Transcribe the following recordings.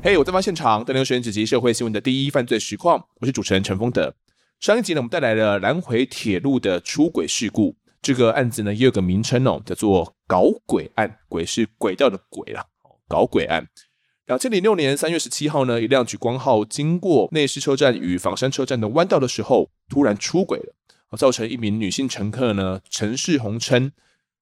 嘿、hey，我在發現場，帶您指及社會新聞的第一犯罪實況。我是主持人陳豐德。上一集呢，我們帶來了南回鐵路的出軌事故。這個案子呢，也有個名稱哦，叫做“搞軌案”。軌是軌道的軌啦，搞軌案。兩千零六年三月十七號呢，一輛莒光號經過內獅車站與枋山車站的彎道的時候，突然出軌了。造成一名女性乘客呢陳世紅稱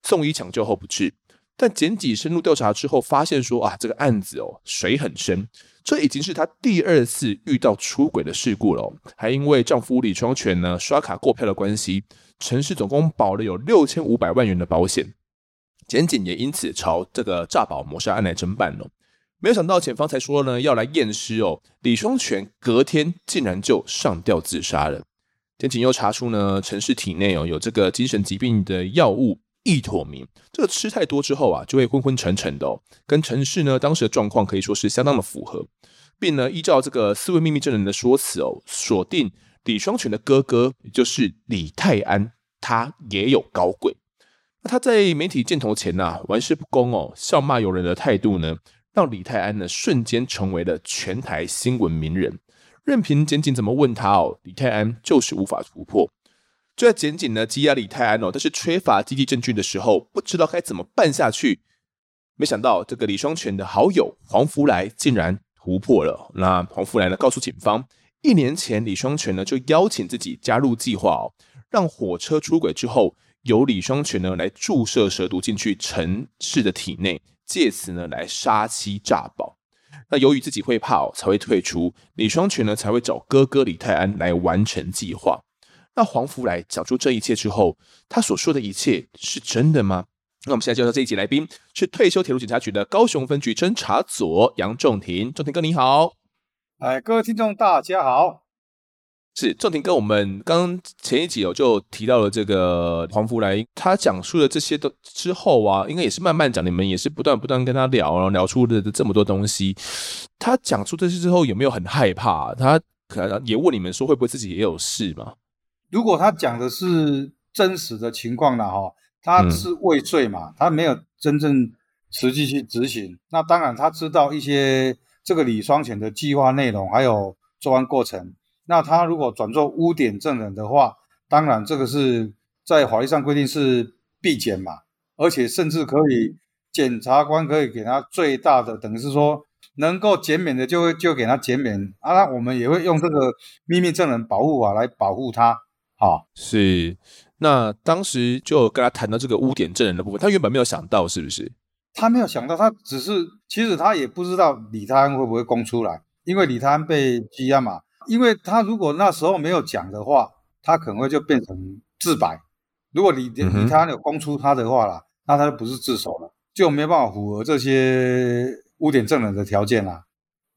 送醫搶救後不治，但檢警深入調查之後發現說啊，這個案子哦水很深，這已經是她第二次遇到出軌的事故了哦，還因為丈夫李雙全呢刷卡購票的關係，陳氏總共保了有六千五百萬元的保險，檢警也因此朝這個詐保謀殺案來偵辦了，沒有想到檢方才說呢要來驗屍哦，李雙全隔天竟然就上吊自殺了。檢警又查出呢，陳氏體內哦有這個精神疾病的藥物意妥明，這個吃太多之後啊，就會昏昏沉沉的哦，跟陳氏呢當時的狀況可以說是相當的符合，並呢依照這個四位秘密證人的說辭哦，鎖定李雙全的哥哥，也就是李泰安，他也有搞軌。那他在媒體鏡頭前吶、啊，玩世不恭哦，笑罵由人的態度呢，讓李泰安呢瞬間成為了全台新聞名人。任憑檢警怎麼問他哦，李泰安就是無法突破。就在檢警呢羈押李泰安哦，但是缺乏積極證據的時候，不知道該怎麼辦下去。沒想到這個李雙全的好友黃福來竟然突破了。那黃福來呢告訴警方，一年前李雙全呢就邀請自己加入計劃哦，讓火車出軌之後，由李雙全呢來注射蛇毒進去陳氏的體內，借此呢來殺妻詐保。那由於自己會怕，哦，才會退出。李雙全呢，才會找哥哥李泰安來完成計劃。那黃福來講出這一切之後，他所說的一切是真的嗎？那我們現在就到這一集來賓是退休鐵路警察局的高雄分局偵查佐楊仲庭，仲庭哥你好。哎，各位聽眾大家好。是仲庭，跟我們剛前一集有就提到了這個黃福來，他講述了這些的之後啊，應該也是慢慢講，你們也是不斷不斷跟他聊，然後聊出了這麼多東西。他講出這些之後，有沒有很害怕？他可能也問你們說，會不會自己也有事嘛？如果他講的是真實的情況啦，哈，他是未遂嘛、嗯，他沒有真正實際去執行。那當然，他知道一些這個李雙全的計劃內容，還有作案過程。那他如果轉做污點證人的話，當然這個是在法律上規定是必減嘛，而且甚至可以檢察官可以給他最大的，等於是說能夠減免的就會就給他減免啊。那我們也會用這個秘密證人保護法來保護他。好、哦，是那當時就跟他談到這個污點證人的部分，他原本沒有想到是不是？他沒有想到，他只是其實他也不知道李泰安會不會供出來，因為李泰安被羈押嘛。因為他如果那時候沒有講的話，他可能會就變成自白。如果你你、嗯、他有供出他的話了，那他就不是自首了，就沒辦法符合這些污點證人的條件了。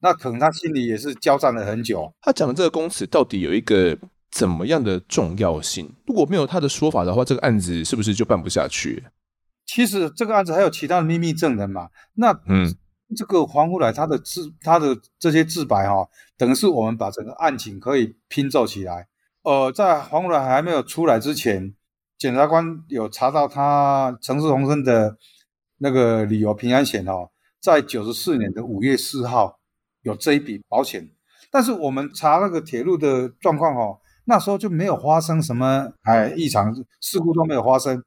那可能他心裡也是交戰了很久。他講的這個供詞到底有一個怎麼樣的重要性？如果沒有他的說法的話，這個案子是不是就辦不下去？其實這個案子還有其他的秘密證人嘛？那嗯。這個黃福來他的自他，他的這些自白哈、哦，等於是我們把整個案情可以拼湊起來。呃，在黃福來還沒有出來之前，檢察官有查到他陳氏紅琛的那個旅遊平安險哦，在九十四年的五月四號有這一筆保險。但是我們查那個鐵路的狀況哦，那時候就沒有發生什麼哎異常事故都沒有發生，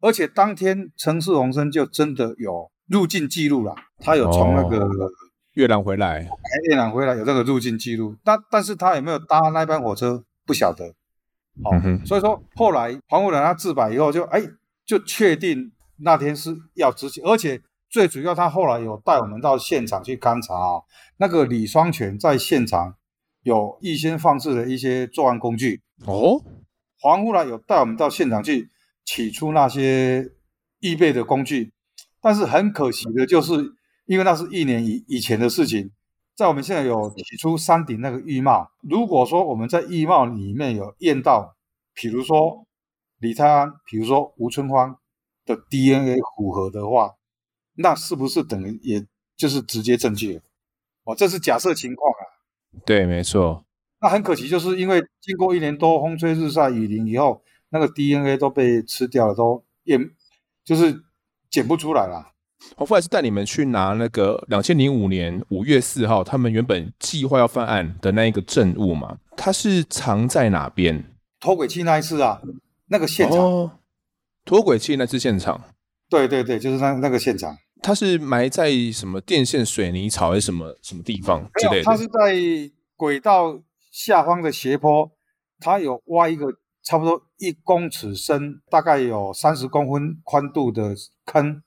而且當天陳氏紅琛就真的有入境記錄了。他有從那個、哦、越南回來，越南回來有那個入境記錄，但但是他有沒有搭那班火車不曉得，哦，嗯、所以說後來黃護蘭他自白以後就哎、欸、就確定那天是要執行，而且最主要他後來有帶我們到現場去勘查啊，那個李雙全在現場有預先放置的一些作案工具哦，黃護蘭有帶我們到現場去取出那些預備的工具，但是很可惜的就是。因為那是一年以以前的事情，在我們現在有提出山頂那個浴帽，如果說我們在浴帽裡面有驗到，比如說李泰安，比如說吳春芳的 DNA 符合的話，那是不是等於也就是直接證據？哦，這是假設情況啊。對，沒錯。那很可惜，就是因為經過一年多風吹日曬雨淋以後，那個 DNA 都被吃掉了，都驗就是檢不出來了。黃富還是帶你們去拿那個兩千零五年五月四號，他們原本計劃要犯案的那一個證物嘛？它是藏在哪邊？脫軌器那一次啊，那個現場，哦，脫軌器那次現場，對對對，就是那那個現場，它是埋在什麼電線、水泥槽還是什麼什麼地方之類的？它是在軌道下方的斜坡，它有挖一個差不多一公尺深，大概有三十公分寬度的坑。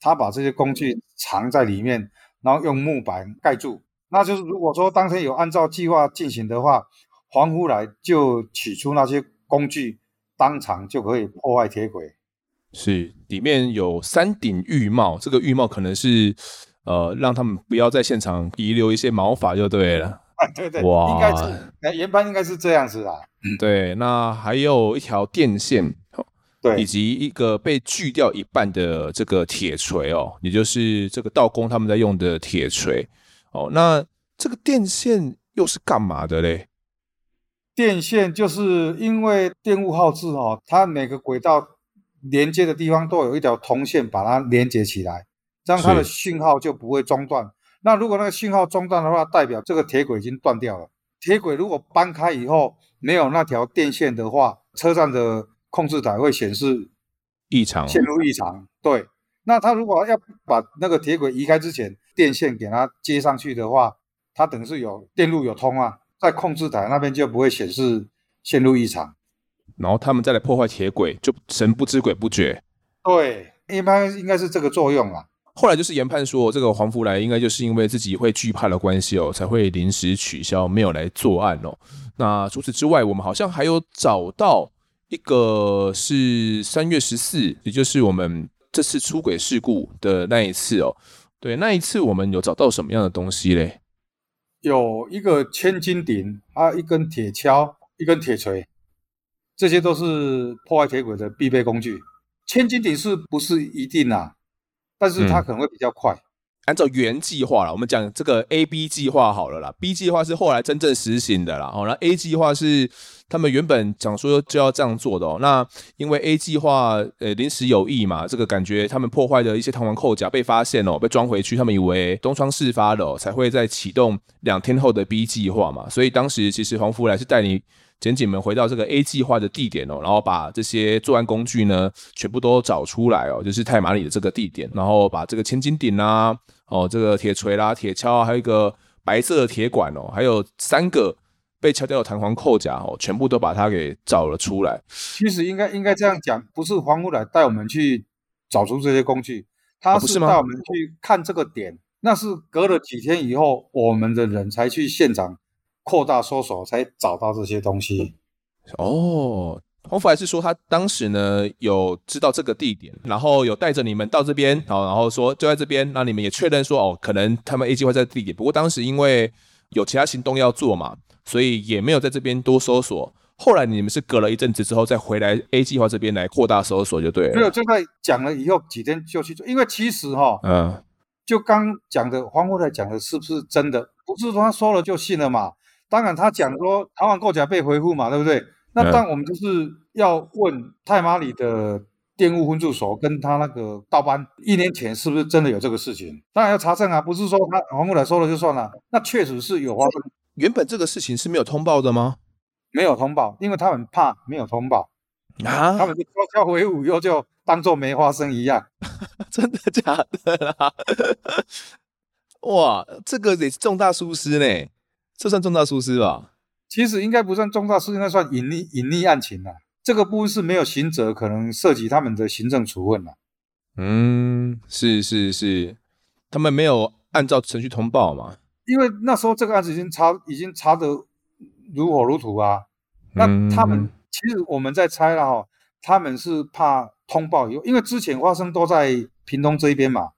他把這些工具藏在裡面，然後用木板蓋住。那就是如果說當天有按照計劃進行的話，黃忽來就取出那些工具，當場就可以破壞鐵軌。是，裡面有三頂浴帽，這個浴帽可能是，呃，讓他們不要在現場遺留一些毛髮就對了。啊、對對，哇，應該是，呃、原本應該是這樣子啊、嗯。對，那還有一條電線。對，以及一個被鋸掉一半的這個鐵錘哦，也就是這個道工他們在用的鐵錘哦。那這個電線又是幹嘛的嘞？電線就是因為電務號誌哦，它每個軌道連接的地方都有一條銅線把它連接起來，這樣它的信號就不會中斷。那如果那個信號中斷的話，代表這個鐵軌已經斷掉了。鐵軌如果搬開以後沒有那條電線的話，車站的。控制台會顯示線路異常，線路異常。對，那他如果要把那個鐵軌移開之前，電線給他接上去的話，他等於是有電路有通啊，在控制台那邊就不會顯示線路異常，然後他們再來破壞鐵軌，就神不知鬼不覺。對，一般應該是這個作用啊。後來就是研判說，這個黃福來應該就是因為自己會懼怕的關係哦，才會臨時取消，沒有來作案哦。那除此之外，我們好像還有找到。一個是三月十四，也就是我們這次出軌事故的那一次哦。對，那一次我們有找到什麼樣的東西嘞？有一個千斤頂，還、啊、有一根鐵鍬，一根鐵錘，這些都是破壞鐵軌的必備工具。千斤頂是不是一定啊？但是它可能會比較快。嗯按照原計劃啦，我們講這個 A B 計劃好了啦，B 計劃是後來真正實行的啦、喔，然那 A 計劃是他們原本講說就要這樣做的哦、喔。那因為 A 計劃呃臨時有異嘛，這個感覺他們破壞的一些彈簧扣甲被發現哦、喔，被裝回去，他們以為東窗事發了、喔、才會再啟動兩天後的 B 計劃嘛，所以當時其實黃福來是帶你檢警們回到這個 A 計劃的地點哦、喔，然後把這些作案工具呢全部都找出來哦、喔，就是太麻里的這個地點，然後把這個千斤頂啦。哦，這個鐵錘啦、鐵鍬啊，還有一個白色的鐵管哦，還有三個被敲掉的彈簧扣夾哦，全部都把它給找了出來。其實應該應該這樣講，不是黃富來帶我們去找出這些工具，他是帶我們去看這個點，哦、是那是隔了幾天以後，我們的人才去現場擴大搜索才找到這些東西。哦。黃福來是說，他當時呢有知道這個地點，然後有帶着你們到這邊，然後說就在這邊，那你們也確認說，哦，可能他們 A 計劃在地點，不過當時因為有其他行動要做嘛，所以也沒有在這邊多搜索。後來你們是隔了一陣子之後再回來 A 計劃這邊來擴大搜索，就對了。沒有，就在講了以後幾天就去做，因為其實哈、哦，嗯，就剛講的黃福來講的是不是真的？不是說他說了就信了嘛？當然他講說台灣過假被回覆嘛，對不對？那但我們就是要問太麻里的電務分駐所，跟他那個道班，一年前是不是真的有這個事情？當然要查證啊，不是說他黃木仔說了就算了。那確實是有發生。原本這個事情是沒有通報的嗎？沒有通報，因為他很怕沒有通報啊，他們就悄悄回五又就當做沒發生一樣。 真的假的啦？ 哇，這個也是重大疏失呢。欸，這算重大疏失吧？其實應該不算重大事情，那算隱匿隱匿案情啦，這個不是沒有刑責，可能涉及他們的行政處分了。嗯，是是是，他們沒有按照程序通報嘛？因為那時候這個案子已經查已經查得如火如荼啊。嗯、那他們其實我們在猜了哈、哦，他們是怕通報以後，因為之前發生都在屏東這一邊嘛。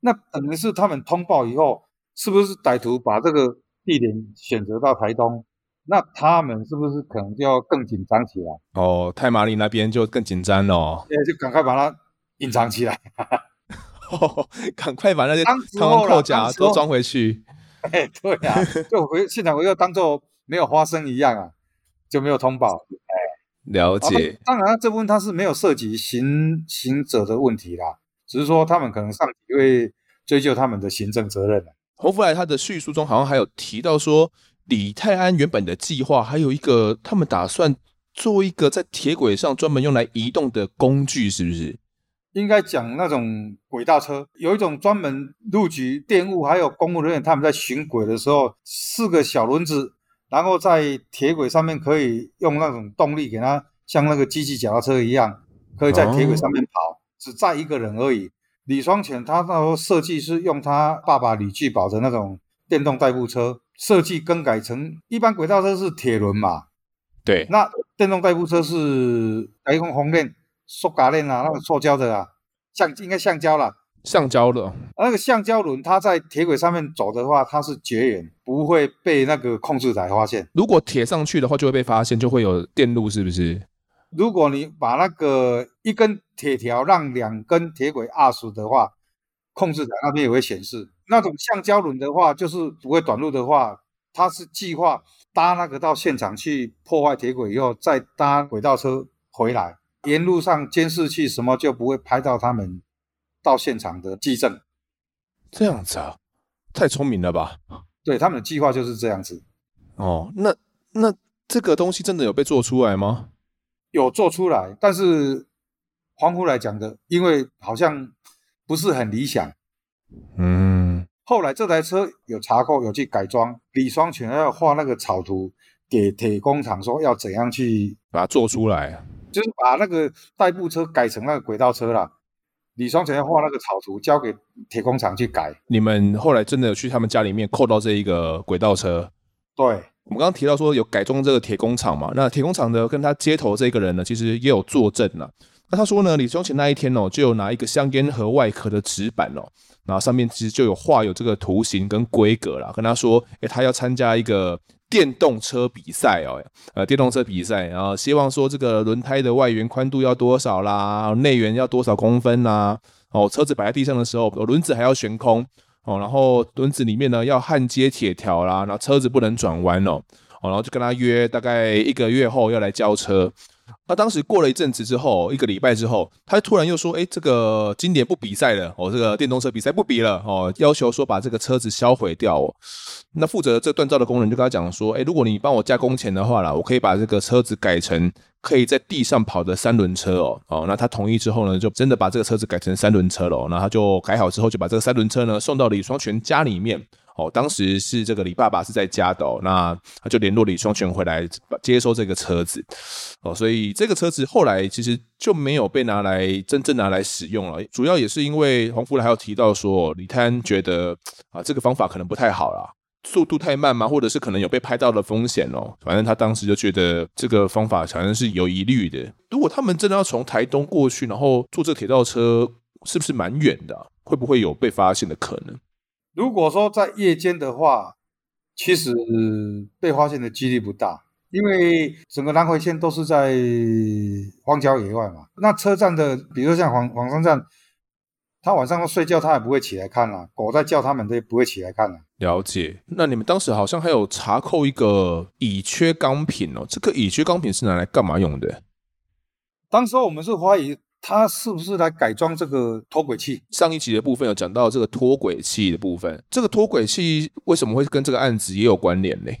那可能是他們通報以後，是不是歹徒把這個地點選擇到台東？那他們是不是可能就要更緊張起來？哦，太麻里那邊就更緊張了，對，就趕快把它隱藏起來，趕、 哦、快把那些扣夾都裝回去。哎、欸，對啊，就回現場，我又當做沒有發生一樣啊， 就沒有通報。哎、欸，了解。啊、當然，這部分他是沒有涉及行刑者的問題啦，只是說他們可能上級會追究他們的行政責任。侯福來他的敘述中好像還有提到說。李泰安原本的計劃還有一個，他們打算做一個在鐵軌上專門用來移動的工具，是不是？應該講那種軌道車，有一種專門入局電務還有公務人員他們在巡軌的時候，四個小輪子，然後在鐵軌上面可以用那種動力給他像那個機器腳踏車一樣，可以在鐵軌上面跑，oh. 只載一個人而已。李雙全他那時候設計是用他爸爸李聚寶的那種電動代步車。設計更改成一般軌道車是鐵輪嘛？對，那電動代步車是採用紅鏈、塑膠鏈啊，那個塑膠的啊，像應橡應該橡膠了，橡膠的。那個橡膠輪它在鐵軌上面走的話，它是絕緣，不會被那個控制台發現。如果鐵上去的話，就會被發現，就會有電路，是不是？如果你把那個一根鐵條讓兩根鐵軌壓死的話，控制台那邊也會顯示。那種橡膠輪的話，就是不會短路的話，他是計劃搭那個到現場去破壞鐵軌，以後再搭軌道車回來，沿路上監視器什麼就不會拍到他們到現場的跡證。這樣子啊，太聰明了吧？對，他們的計劃就是這樣子。哦，那那這個東西真的有被做出來嗎？有做出來，但是歡呼來講的，因為好像不是很理想。嗯。後來這台車有查扣，有去改裝。李雙全要畫那個草圖給鐵工廠，說要怎樣去把它做出來，就是把那個代步車改成那個軌道車了。李雙全要畫那個草圖，交給鐵工廠去改。你們後來真的有去他們家裡面扣到這一個軌道車？對，我們剛剛提到說有改裝這個鐵工廠嘛，那鐵工廠的跟他接頭這個人呢，其實也有作證了。那他說呢，李雙全那一天哦，就有拿一個香菸盒外殼的紙板哦。然後上面其實就有畫有這個圖形跟規格啦，跟他說，誒他要參加一個電動車比賽哦，呃電動車比賽，然後希望說這個輪胎的外緣寬度要多少啦，內圓要多少公分吶，哦車子擺在地上的時候，輪子還要懸空哦，然後輪子裡面呢要焊接鐵條啦，然後車子不能轉彎哦，哦然後就跟他約大概一個月後要來交車。那當時過了一陣子之後，一個禮拜之後，他突然又說：“哎、欸，這個今年不比賽了，我、哦、這個電動車比賽不比了哦，要求說把這個車子銷毀掉哦。”那負責這鍛造的工人就跟他講說：“哎、欸，如果你幫我加工錢的話，我可以把這個車子改成可以在地上跑的三輪車哦哦。”那他同意之後呢，就真的把這個車子改成三輪車了、哦。那他就改好之後，就把這個三輪車呢送到李雙全家裡面。哦，當時是這個李爸爸是在家的哦，那他就聯絡李雙全回來接收這個車子哦，所以這個車子後來其實就沒有被拿來真正拿來使用了。主要也是因為黃夫人還有提到說，李泰安覺得啊，這個方法可能不太好了、啊，速度太慢嘛，或者是可能有被拍到的風險哦。反正他當時就覺得這個方法好像是有疑慮的。如果他們真的要從台東過去，然後坐這鐵道車，是不是蠻遠的、啊？會不會有被發現的可能？如果說在夜間的話，其實、呃、被發現的幾率不大，因為整個南回線都是在荒郊野外嘛。那車站的，比如說像枋、枋山站，他晚上睡覺，他也不會起來看了。狗在叫他們，他也不會起來看了。了解。那你們當時好像還有查扣一個乙炔鋼瓶哦，這個乙炔鋼瓶是拿來幹嘛用的？當時候我們是懷疑。他是不是來改裝這個脫軌器？上一集的部分有講到這個脫軌器的部分，這個脫軌器為什麼會跟這個案子也有關聯呢？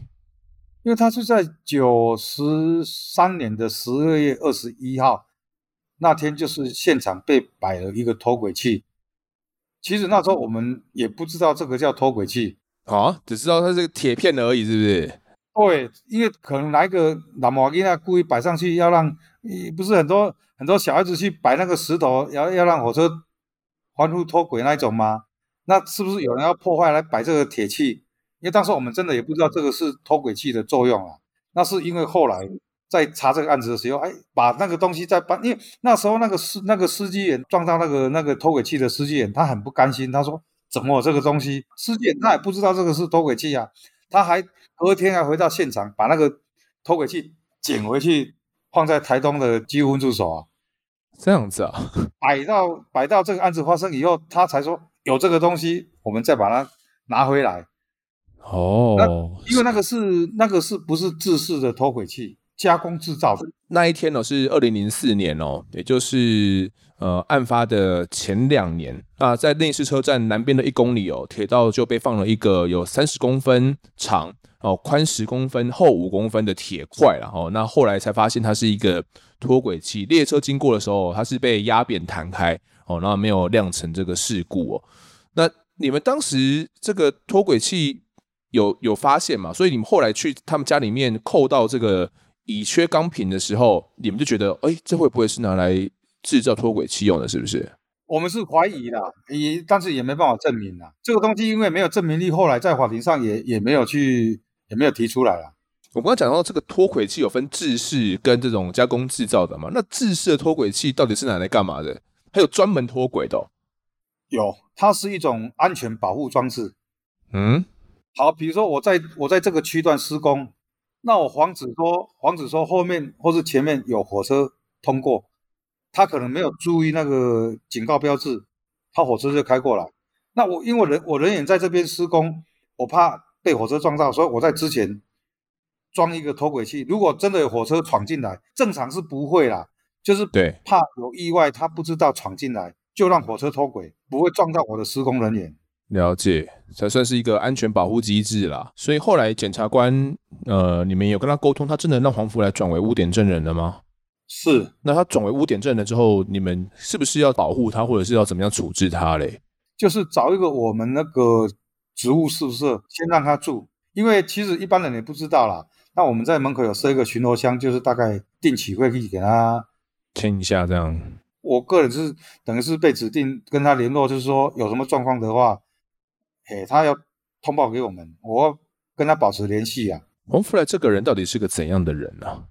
因為它是在九十三年的十二月二十一號，那天就是現場被擺了一個脫軌器。其實那時候我們也不知道這個叫脫軌器啊，只知道它是個鐵片而已，是不是？對，因為可能來個南華機啊，故意擺上去要讓。不是很多很多小孩子去擺那個石頭，要要讓火車翻覆脫軌那一種嗎？那是不是有人要破壞來擺這個鐵器？因為當時我們真的也不知道這個是脫軌器的作用啊，那是因為後來在查這個案子的時候，哎，把那個東西再搬，因為那時候那個司那個司機員撞到那個那個脫軌器的司機員，他很不甘心，他說怎麼我這個東西，司機員他也不知道這個是脫軌器啊，他還隔天還回到現場把那個脫軌器撿回去。放在台東的低溫助手啊，這樣子啊，擺到擺到這個案子發生以後，他才說有這個東西，我們再把它拿回來。哦、oh,，因為那個是那個是不是自製的脫軌器加工製造的？的那一天哦是二零零四年哦，也就是呃案發的前兩年啊，在內獅車站南邊的一公里哦，鐵道就被放了一個有三十公分長。哦，寬十公分、厚五公分的鐵塊，然後哦。那後來才發現它是一個脫軌器，列車經過的時候，它是被壓扁彈開哦。那沒有釀成這個事故哦。那你們當時這個脫軌器有有發現嗎？所以你們後來去他們家裡面扣到這個乙炔鋼瓶的時候，你們就覺得，哎，這會不會是拿來製造脫軌器用、哦、的？是不是？我們是懷疑啦，也但是也沒辦法證明啦。這個東西因為沒有證明力，後來在法庭上也也沒有去。也沒有提出來啦。我剛才講到這個脫軌器有分制式跟這種加工製造的嘛，那制式的脫軌器到底是拿來幹嘛的？還有專門脫軌的？哦。有，它是一種安全保護裝置。嗯，好，比如說我在我在這個區段施工，那我防止說防止說後面或是前面有火車通過，他可能沒有注意那個警告標誌，他火車就開過來。那我因為人我人也在這邊施工，我怕。被火車撞到，所以我在之前裝一個脫軌器。如果真的有火車闖進來，正常是不會啦，就是對，怕有意外，他不知道闖進來，就讓火車脫軌，不會撞到我的施工人員。了解，才算是一個安全保護機制啦。所以後來檢察官，呃，你們有跟他溝通，他真的讓黃福來轉為污點證人了嗎？是。那他轉為污點證人之後，你們是不是要保護他，或者是要怎麼樣處置他嘞？就是找一個我們那個。植物是不是先讓他住？因為其實一般人也不知道啦。那我們在門口有設一個巡邏箱，就是大概定期會給他清一下這樣。我個人是等於是被指定跟他聯絡，就是說有什麼狀況的話，誒，他要通報給我們，我跟他保持聯繫啊。洪、哦、福來這個人到底是個怎樣的人呢？啊？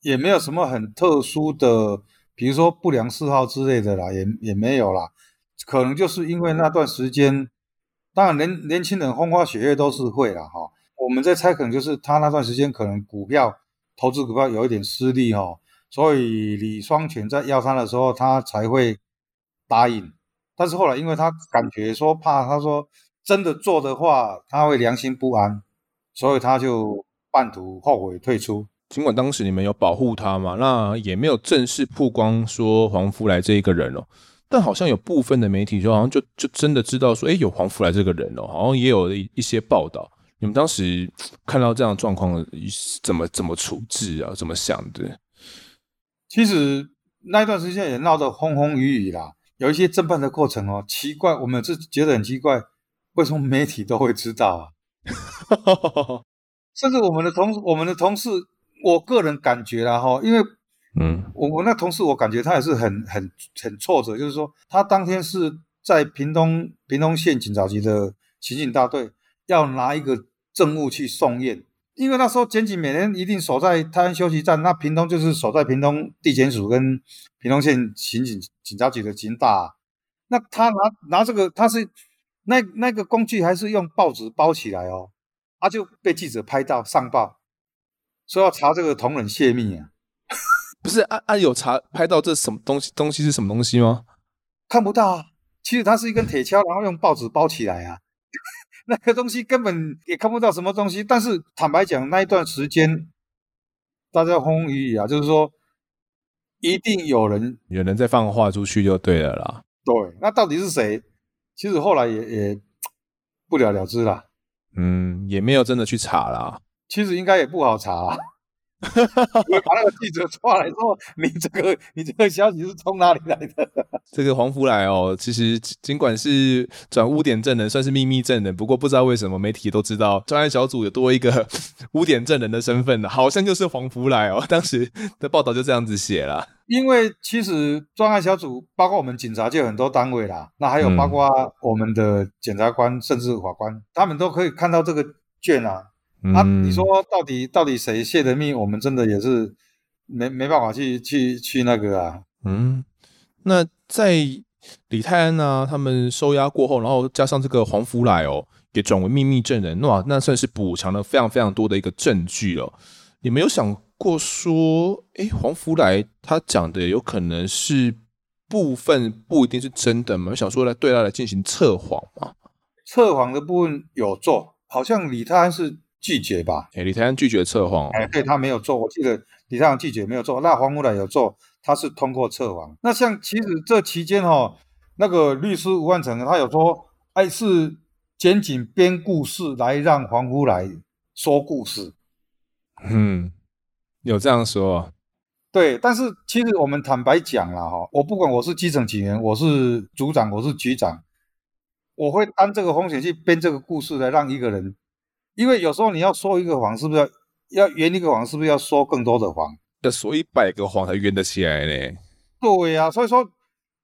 也沒有什麼很特殊的，比如說不良嗜好之類的啦，也也沒有啦。可能就是因為那段時間。當然，年年輕人風花雪月都是會啦哈。我們在猜，可能就是他那段時間可能股票投資股票有一點失利哈，所以李雙全在邀他的時候，他才會答應。但是後來，因為他感覺說怕，他說真的做的話，他會良心不安，所以他就半途後悔退出。儘管當時你們有保護他嘛，那也沒有正式曝光說黃富來這一個人哦、喔。但好像有部分的媒體，就好像就就真的知道說，哎，有黃福來這個人哦，好像也有一些報道。你們當時看到這樣的狀況，怎麼怎麼處置啊？怎麼想的？其實那一段時間也鬧得風風雨雨啦，有一些偵辦的過程哦。奇怪，我們是覺得很奇怪，為什麼媒體都會知道啊？ 甚至我們的同我們的同事，我個人感覺啦哈，因為。嗯，我我那同事，我感覺他也是很很很挫折，就是說，他當天是在屏東屏東縣警察局的刑警、警大隊，要拿一個證物去送驗，因為那時候檢警每年一定守在泰安休息站，那屏東就是守在屏東地檢署跟屏東縣刑警警、警察局的警大、啊，那他拿拿這個，他是那那個工具還是用報紙包起來哦，他、啊、就被記者拍到上報，說要查這個同仁泄密啊。不是啊啊，有查拍到這什麼東西？東西是什麼東西嗎？看不到啊。其實它是一根鐵鍬，然後用報紙包起來啊。嗯、 那個東西根本也看不到什麼東西。但是坦白講，那一段時間大家風風雨雨啊，就是說一定有人有人在放話出去就對了啦。對，那到底是誰？其實後來也也不了了之啦。嗯，也沒有真的去查啦。其實應該也不好查啊。 因為把那個記者抓來說，說你這個你這個消息是從哪裡來的？這個黃福來哦，其實儘管是轉污點證人，算是秘密證人，不過不知道為什麼媒體都知道專案小組有多一個污點證人的身份啊，好像就是黃福來哦。當時的報道就這樣子寫了，因為其實專案小組包括我們警察界很多單位啦，那還有包括我們的檢察官，嗯，甚至法官，他們都可以看到這個卷啊。啊、嗯，你說到底到底誰洩的密？我們真的也是沒沒辦法去去去那個啊。嗯，那在李泰安啊，他們收押過後，然後加上這個黃福來哦，也轉為秘密證人，那那算是補強了非常非常多的一個證據了。你沒有想過說，哎、欸，黃福來他講的有可能是部分不一定是真的嗎？想說來對他來進行測謊嗎？測謊的部分有做，好像李泰安是。拒絕吧，哎、欸，李泰安拒絕測謊。哦，哎、欸，對他沒有做，我記得李泰安拒絕沒有做，那黃福來有做，他是通過測謊。那像其實這期間哈、哦，那個律師吳萬成他有說，哎，是檢警編故事來讓黃福來說故事，嗯，有這樣說，對，但是其實我們坦白講啦哈、哦，我不管我是基層警員，我是組長，我是局長，我會擔這個風險去編這個故事來讓一個人。因為有時候你要說一個謊，是不是要圓一個謊？是不是要說更多的謊？要說一百個謊才圓得起來呢？對啊，所以說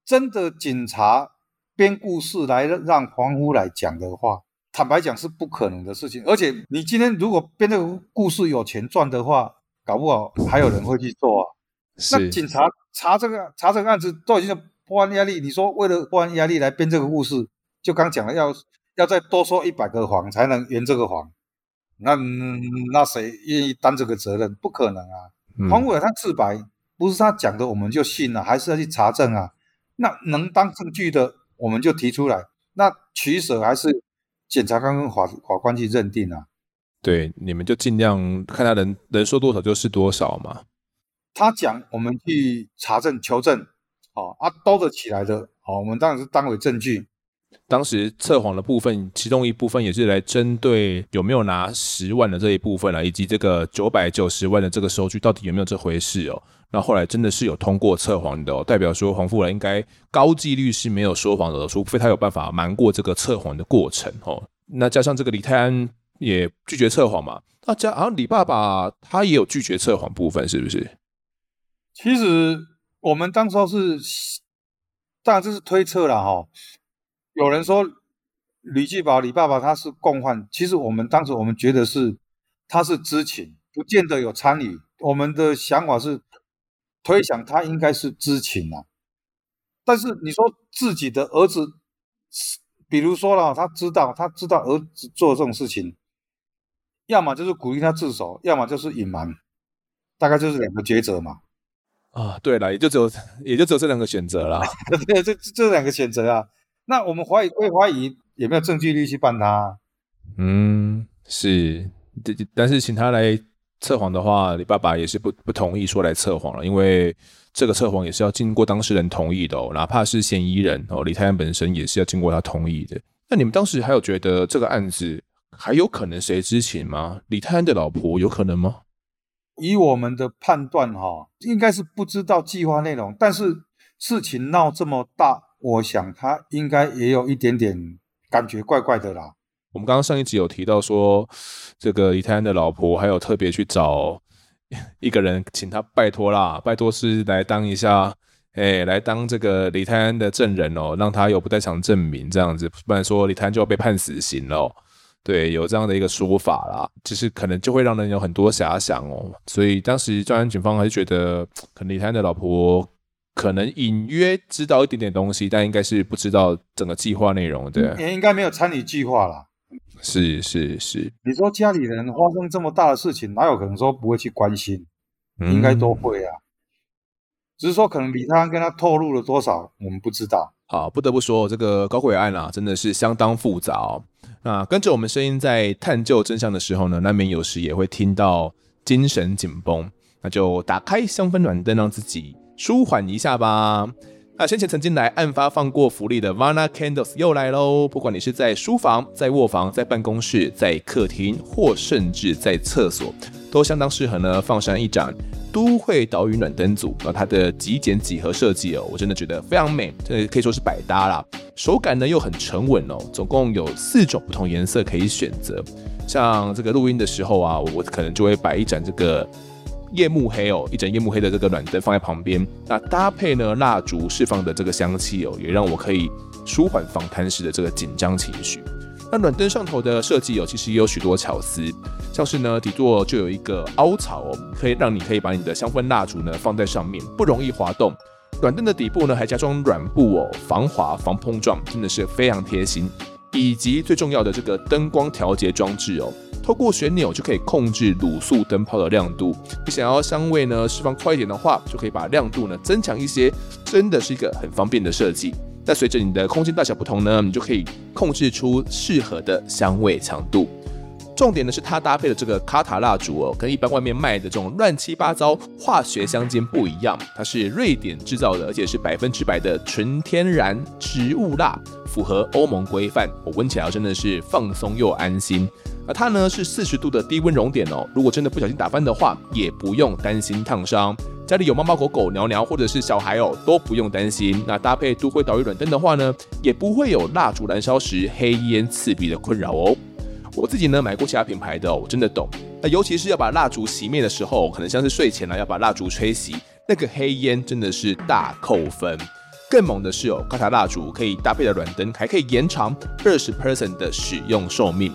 真的警察編故事來讓黃福來講的話，坦白講是不可能的事情。而且你今天如果編這個故事有錢賺的話，搞不好還有人會去做啊。那警察查這個查這個案子都已經是破案壓力，你說為了破案壓力來編這個故事，就剛講了要要再多說一百個謊才能圓這個謊。那、嗯、那誰願意擔這個責任？不可能啊！黃偉他自白不是他講的，我們就信了、啊？還是要去查證啊？那能當證據的，我們就提出來。那取捨還是檢察官跟法法官去認定啊？對，你們就盡量看他能能說多少就是多少嘛。他講，我們去查證求證啊，啊，兜得起來的啊，我們當然是當為證據。當時測謊的部分，其中一部分也是來針對有沒有拿十萬的這一部分，啊、以及這個九百九十萬的這個收據到底有沒有這回事哦。那後來真的是有通過測謊的哦，代表說黃富來應該高幾率是沒有說謊的，除非他有辦法瞞過這個測謊的過程哦。那加上這個李泰安也拒絕測謊嘛，那加好，啊、像李爸爸他也有拒絕測謊部分，是不是？其實我們當時候是當然這是推測了哈。有人說李聚寶、李爸爸他是共犯，其實我們當時我們覺得是他是知情，不見得有參與。我們的想法是推想他應該是知情啊，但是你說自己的兒子，比如說了，他知道他知道兒子做這種事情，要麼就是鼓勵他自首，要麼就是隱瞞，大概就是兩個抉擇嘛。啊，對了，也就只有也就只有這兩個選擇了， 對，這這兩個選擇啊。那我們懷疑會懷疑有沒有證據力去辦他啊？嗯，是，但但是請他來測謊的話，李爸爸也是不不同意說來測謊了，因為這個測謊也是要經過當事人同意的哦，哪怕是嫌疑人哦，李泰安本身也是要經過他同意的。那你們當時還有覺得這個案子還有可能誰知情嗎？李泰安的老婆有可能嗎？以我們的判斷哈、哦，應該是不知道計劃內容，但是事情鬧這麼大。我想他應該也有一點點感覺怪怪的啦。我們剛剛上一集有提到說，這個李泰安的老婆還有特別去找一個人，請他拜託啦，拜託是來當一下，哎、欸，來當這個李泰安的證人哦，讓他有不在場證明這樣子，不然說李泰安就要被判死刑嘍、哦。對，有這樣的一個說法啦，就是可能就會讓人有很多遐想哦。所以當時專案警方還是覺得，可能李泰安的老婆。可能隱約知道一點點東西，但應該是不知道整個計劃內容的。也應該沒有參與計劃了。是是是，你說家裡人發生這麼大的事情，哪有可能說不會去關心？嗯、應該都會啊，只是說可能比他跟他透露了多少，我們不知道。好，不得不說這個搞軌案啊，真的是相當複雜。那跟着我們聲音在探究真相的時候呢，難免有時也會聽到精神緊繃，那就打開香氛暖燈，讓自己。嗯舒緩一下吧。那、啊、先前曾經來案發放過福利的 Vana Candles 又來嘍。不管你是在書房、在臥房、在辦公室、在客廳，或甚至在廁所，都相當適合呢。放上一盞都會島嶼暖燈組，然後它的極簡幾何設計哦，我真的覺得非常美，這可以說是百搭啦。手感呢又很沉穩哦、喔。總共有四種不同顏色可以選擇。像這個錄音的時候啊，我可能就會擺一盞這個。夜幕黑哦，一盞夜幕黑的這個暖燈放在旁邊，那搭配呢蠟燭釋放的這個香氣哦，也讓我可以舒緩訪談時的這個緊張情緒。那暖燈上頭的設計哦，其實也有許多巧思，像是呢底座就有一個凹槽哦，可以讓你可以把你的香氛蠟燭呢放在上面，不容易滑動。暖燈的底部呢還加裝軟布哦，防滑防碰撞，真的是非常貼心。以及最重要的這個燈光調節裝置哦。透過旋鈕就可以控制鹵素燈泡的亮度。你想要香味呢釋放快一點的話，就可以把亮度呢增強一些，真的是一個很方便的設計。那隨着你的空間大小不同呢，你就可以控制出適合的香味強度。重點呢是它搭配的這個卡塔蠟燭哦，跟一般外面賣的這種亂七八糟化學香精不一樣，它是瑞典制造的，而且是百分之百的純天然植物蠟，符合歐盟規範。我聞起來真的是放鬆又安心。而它呢是四十度的低溫熔點哦，如果真的不小心打翻的話，也不用擔心燙傷。家裡有貓貓狗狗、鳥鳥或者是小孩哦，都不用擔心。那搭配都會島嶼暖燈的話呢，也不會有蠟燭燃燒時黑煙刺鼻的困擾哦。我自己呢買過其他品牌的哦，我真的懂。那尤其是要把蠟燭熄滅的時候，可能像是睡前呢要把蠟燭吹熄，那個黑煙真的是大扣分。更猛的是哦，高塔蠟燭可以搭配的暖燈，還可以延長二十趴的使用壽命。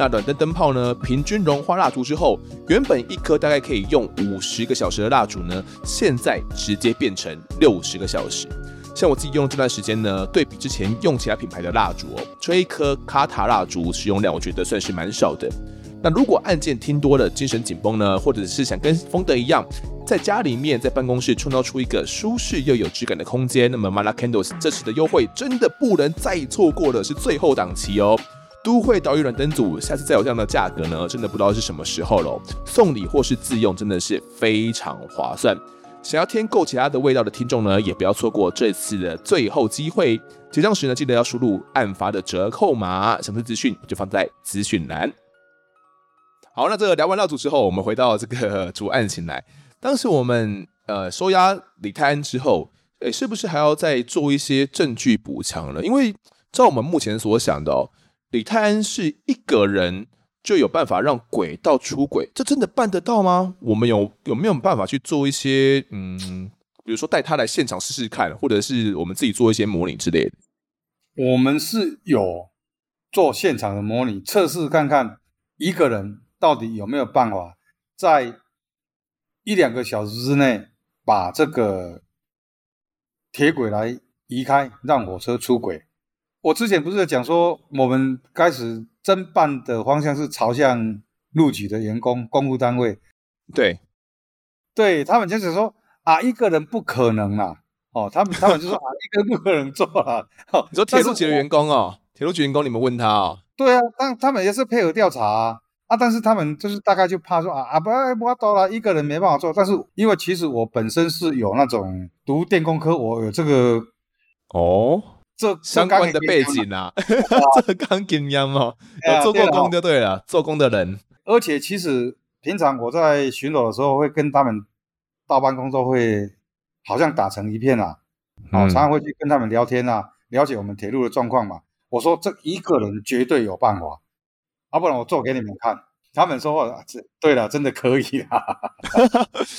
那暖燈燈泡呢？平均融化蠟燭之後，原本一顆大概可以用五十個小時的蠟燭呢，現在直接變成六十個小時。像我自己用這段時間呢，對比之前用其他品牌的蠟燭，哦，吹一顆卡塔蠟燭使用量，我覺得算是蠻少的。那如果案件聽多了，精神緊繃呢，或者是想跟豐德一樣，在家裡面在辦公室創造出一個舒適又有質感的空間，那麼 Vana Candles 這次的優惠真的不能再錯過了，是最後檔期哦。都會島嶼暖燈組，下次再有這樣的價格呢，真的不知道是什麼時候了。送禮或是自用，真的是非常划算。想要添購其他的味道的聽眾呢，也不要錯過這次的最後機會。結賬時呢，記得要輸入案發的折扣碼。詳細資訊就放在資訊欄。好，那這個聊完蠟燭之後，我們回到這個主案情來。當時我們呃收押李泰安之後，誒、欸，是不是還要再做一些證據補強呢？因為照我們目前所想的、喔。李泰安是一個人就有辦法讓軌道出軌，這真的辦得到嗎？我們有有沒有辦法去做一些，嗯，比如說帶他來現場試試看，或者是我們自己做一些模擬之類的？我們是有做現場的模擬測試，看看一個人到底有沒有辦法在一兩個小時之內把這個鐵軌來移開，讓火車出軌。我之前不是講說，我們開始偵辦的方向是朝向路局的員工、工、工務單位對，對，對他們就是說啊，一個人不可能啦，啊，哦，他們他們就說 啊，一個人不可能做了，啊哦。你說鐵路局的員工啊，鐵路局員工，你們問他啊。對啊，但他們也是配合調查啊，啊但是他們就是大概就怕說啊啊，不，我多了一個人沒辦法做，但是因為其實我本身是有那種讀電工科，我有這個哦。這相關的背景啊，啊這剛經驗哦、啊，做過工就對了，對了、哦，做工的人。而且其實平常我在巡邏的時候，會跟他們到辦公作會好像打成一片啊，常、嗯啊、常會去跟他們聊天啊，了解我們鐵路的狀況嘛。我說這一個人絕對有辦法，要、啊、不然我做給你們看。他們說、啊、對了，真的可以啊，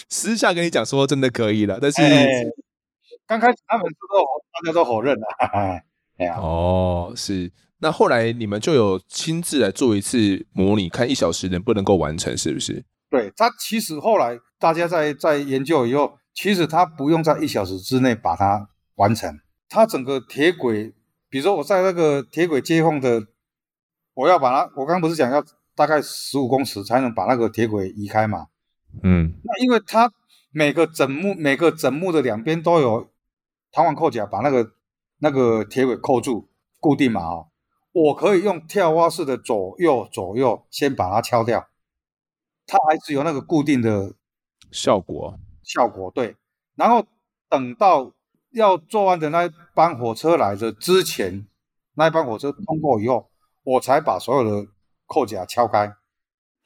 私 下跟你講說真的可以了，但是、哎。是剛開始他們都大家都否認了、啊，哎呀、啊，哦，是。那後來你們就有親自來做一次模擬，看一小時能不能夠完成，是不是？對，他其實後來大家在在研究以後，其實他不用在一小時之內把它完成。他整個鐵軌，比如說我在那個鐵軌接縫的，我要把它，我剛剛不是講要大概十五公尺才能把那個鐵軌移開嘛？嗯，那因為它每個枕木每個枕木的兩邊都有。彈簧扣夾把那個那個鐵軌扣住固定嘛，哦，我可以用跳蛙式的左右左右先把它敲掉，它還是有那個固定的效果。效果對，然後等到要做完的那班火車來的之前，那一班火車通過以後，我才把所有的扣夾敲開。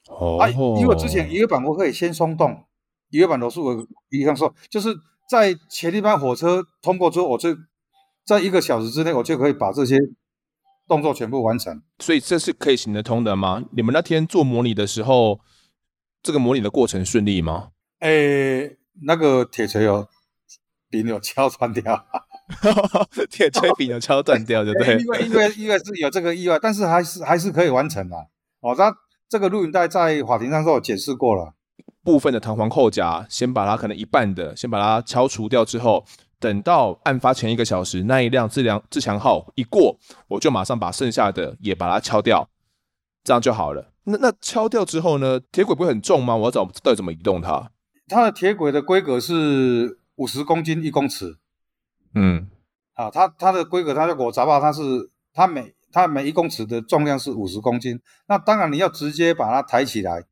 哦，哦，因、啊、為之前一個板我可以先鬆動，一個板螺栓我一樣說就是。在前一班火車通過之後，我就在一個小時之內，我就可以把這些動作全部完成。所以這是可以行得通的嗎？你們那天做模擬的時候，這個模擬的過程順利嗎？誒、欸，那個鐵錘哦，柄有敲斷掉，鐵 錘柄有敲斷掉，就對、欸。因為因為因為是有這個意外，但是還是還是可以完成的。哦，他這個錄影帶在法庭上時候解釋過了。部分的彈簧扣夾，先把它可能一半的，先把它敲除掉之後，等到案發前一個小時，那一輛自強自強號一過，我就馬上把剩下的也把它敲掉，這樣就好了。那那敲掉之後呢？鐵軌不會很重嗎？我找到底怎麼移動它？它的鐵軌的規格是五十公斤一公尺。嗯，啊，它它的規格，它就國雜霸，它是它每它每一公尺的重量是五十公斤。那當然你要直接把它抬起來。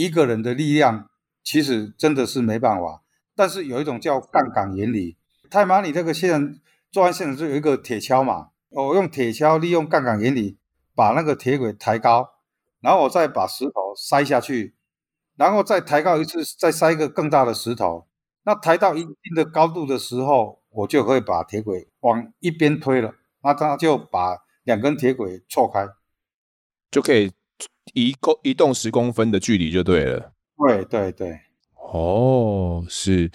一個人的力量其實真的是沒辦法，但是有一種叫槓桿原理。太麻里這個現場做完現場是有一個鐵鍬嘛，我用鐵鍬利用槓桿原理把那個鐵軌抬高，然後我再把石頭塞下去，然後再抬高一次，再塞一個更大的石頭。那抬到一定的高度的時候，我就可以把鐵軌往一邊推了，那它就把兩根鐵軌錯開，就可以。移動移動十公分的距離就對了。對對對，哦，是，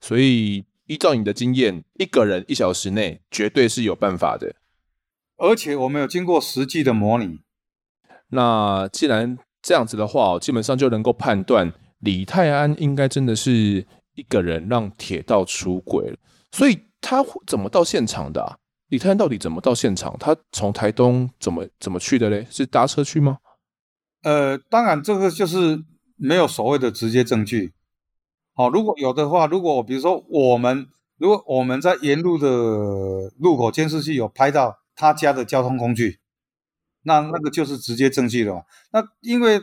所以依照你的經驗，一個人一小時內絕對是有辦法的。而且我們有經過實際的模擬。那既然這樣子的話，基本上就能夠判斷李泰安應該真的是一個人讓鐵道出軌了。所以他怎麼到現場的啊？李泰安到底怎麼到現場？他從台東怎麼怎麼去的嘞？是搭車去嗎？呃，當然，這個就是沒有所謂的直接證據。好、哦，如果有的話，如果比如說我們，如果我們在沿路的路口監視器有拍到他家的交通工具，那那個就是直接證據了。那因為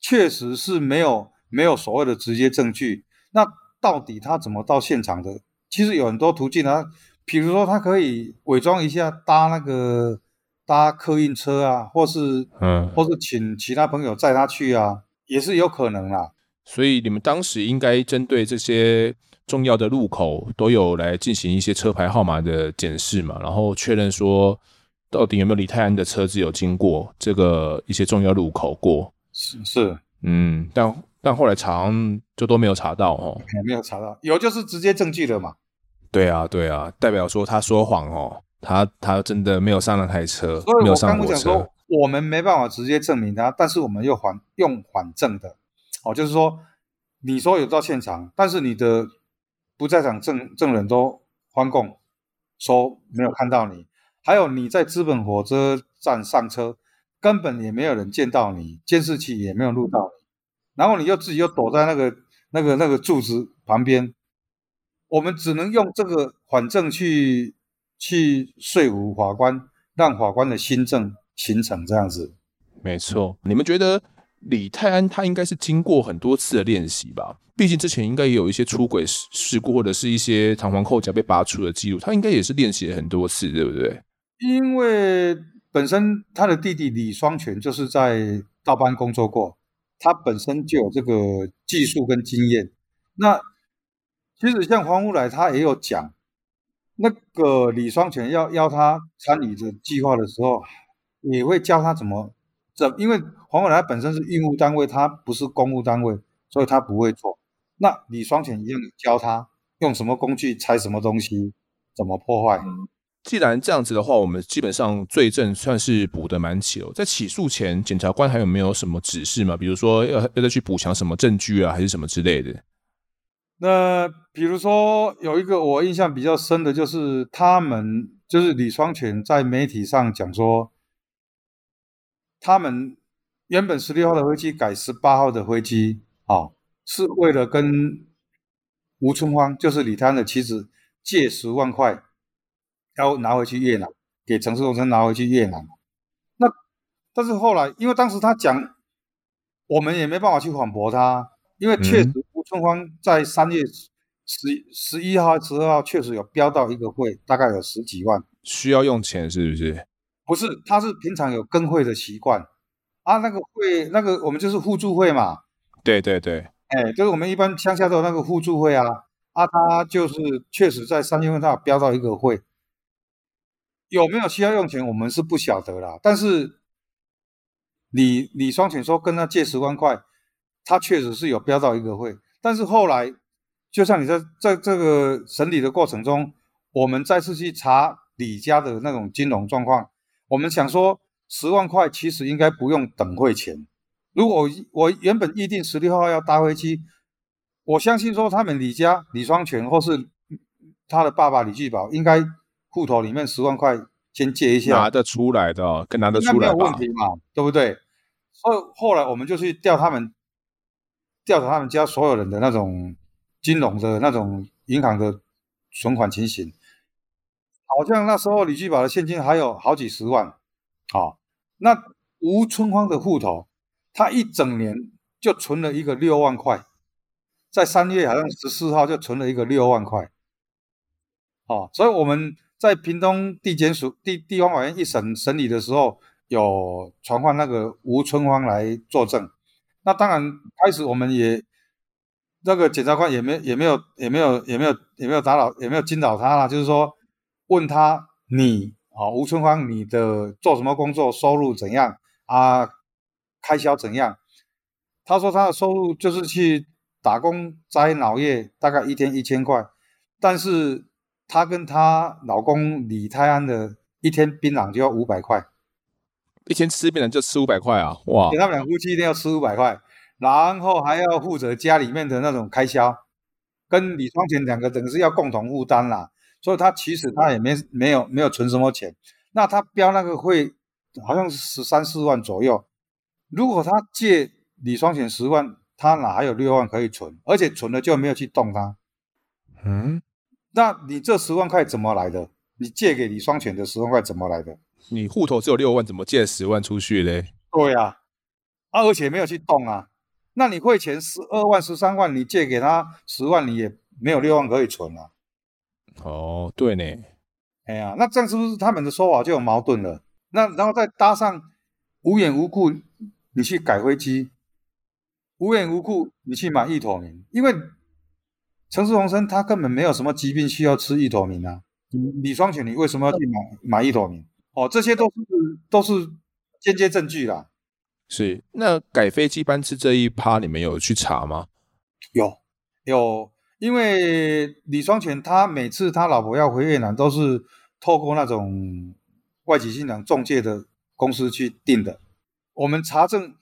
確實是沒有沒有所謂的直接證據，那到底他怎麼到現場的？其實有很多途徑啊，比如說他可以偽裝一下，搭那個。搭客運車啊，或是嗯，或是請其他朋友載他去啊，也是有可能啦、啊。所以你們當時應該針對這些重要的路口都有來進行一些車牌號碼的檢視嘛，然後確認說到底有沒有李泰安的車子有經過這個一些重要路口過。是是，嗯，但但後來查就都沒有查到哦，沒有查到，有就是直接證據了嘛。對啊對啊，代表說他說謊哦。他他真的沒有上那台車，沒有上那台車，所以我剛剛講說，我們沒辦法直接證明他，但是我們又用緩證的，哦，就是說你說有到現場，但是你的不在場證證人都翻供說沒有看到你，還有你在知本火車站上車，根本也沒有人見到你，監視器也沒有錄到，然後你又自己又躲在那個那個那個柱子旁邊，我們只能用這個緩證去。去說服法官，讓法官的心證形成這樣子。沒錯，你們覺得李泰安他應該是經過很多次的練習吧？畢竟之前應該也有一些出軌事故，或者是一些彈簧扣夾被拔出的記錄，他應該也是練習了很多次，對不對？因為本身他的弟弟李雙全就是在道班工作過，他本身就有這個技術跟經驗。那其實像黃富來，他也有講。那個李雙全要邀他參與的計劃的時候，你會教他怎麼怎，因為黃偉來本身是運務單位，他不是公務單位，所以他不會做。那李雙全一樣教他用什麼工具拆什麼東西，怎麼破壞。既然這樣子的話，我們基本上罪證算是補得蠻齊了。在起訴前，檢察官還有沒有什麼指示嗎？比如說要要再去補強什麼證據啊，還是什麼之類的？那比如說有一個我印象比較深的，就是他們就是李雙全在媒體上講說，他們原本十六號的飛機改十八號的飛機啊、哦，是為了跟吳春芳，就是李泰安的妻子借十萬塊，要拿回去越南，給陳氏紅琛拿回去越南。那但是後來因為當時他講，我們也沒辦法去反駁他，因為確實、嗯。春方在三月十十一號、十二號確實有標到一個會，大概有十幾萬。需要用錢是不是？不是，他是平常有跟會的習慣啊。那個會，那個我們就是互助會嘛。對對對，哎、欸，就是我們一般鄉下的那個互助會啊啊，他就是確實在三月份他有標到一個會，有沒有需要用錢，我們是不曉得了。但是李李雙全說跟他借十萬塊，他確實是有標到一個會。但是後來，就像你在在這個審理的過程中，我們再次去查李家的那種金融狀況，我們想說十萬塊其實應該不用等匯錢。如果我原本預定十六號要搭飛機，我相信說他們李家李雙全或是他的爸爸李聚寶，應該戶頭裡面十萬塊先借一下，拿得出來的，更拿得出來沒有問題嘛，對不對？所以後來我們就去調他們。調查他們家所有人的那種金融的那種銀行的存款情形，好像那時候李聚寶的現金還有好幾十萬，啊、哦，那吳春芳的戶頭，他一整年就存了一個六萬塊，在三月好像十四號就存了一個六萬塊，啊、哦，所以我們在屏東地檢署地地方法院一審審理的時候，有傳喚那個吳春芳來作證。那當然，開始我們也那個檢察官也沒、也沒、沒有、也沒有、也沒有、也沒有打擾、也沒有驚擾他了。就是說，問他你啊，吳春芳，你的做什麼工作，收入怎樣啊，開銷怎樣？他說他的收入就是去打工摘荖葉，大概一天一千塊，但是他跟他老公李泰安的一天檳榔就要五百塊。一天吃麵的就四五百塊啊，哇！給他們兩夫妻一定要四五百塊，然後還要負責家裡面的那種開銷，跟李雙全兩個等於是要共同負擔啦。所以他其實他也沒沒有沒有存什麼錢。那他標那個會好像是十三四萬左右，如果他借李雙全十萬，他哪還有六萬可以存？而且存了就沒有去動它。嗯，那你這十萬塊怎麼來的？你借給李雙全的十萬塊怎麼來的？你戶頭只有六萬，怎麼借十萬出去嘞？對呀、啊啊，而且沒有去動啊。那你匯錢十二萬、十三萬，你借給他十萬，你也沒有六萬可以存啊。哦，對呢。哎呀、啊，那這樣是不是他們的說法就有矛盾了？那然後再搭上無緣無故你去改飛機，無緣無故你去買意妥明，因為陳氏紅琛他根本沒有什麼疾病需要吃意妥明啊。李雙全，你為什麼要去買買意妥明？嗯哦，這些都是都是間接證據啦。是那改飛機班次這一趴，你們有去查嗎？有有，因為李雙全他每次他老婆要回越南，都是透過那種外籍新娘中介的公司去訂的。我們查證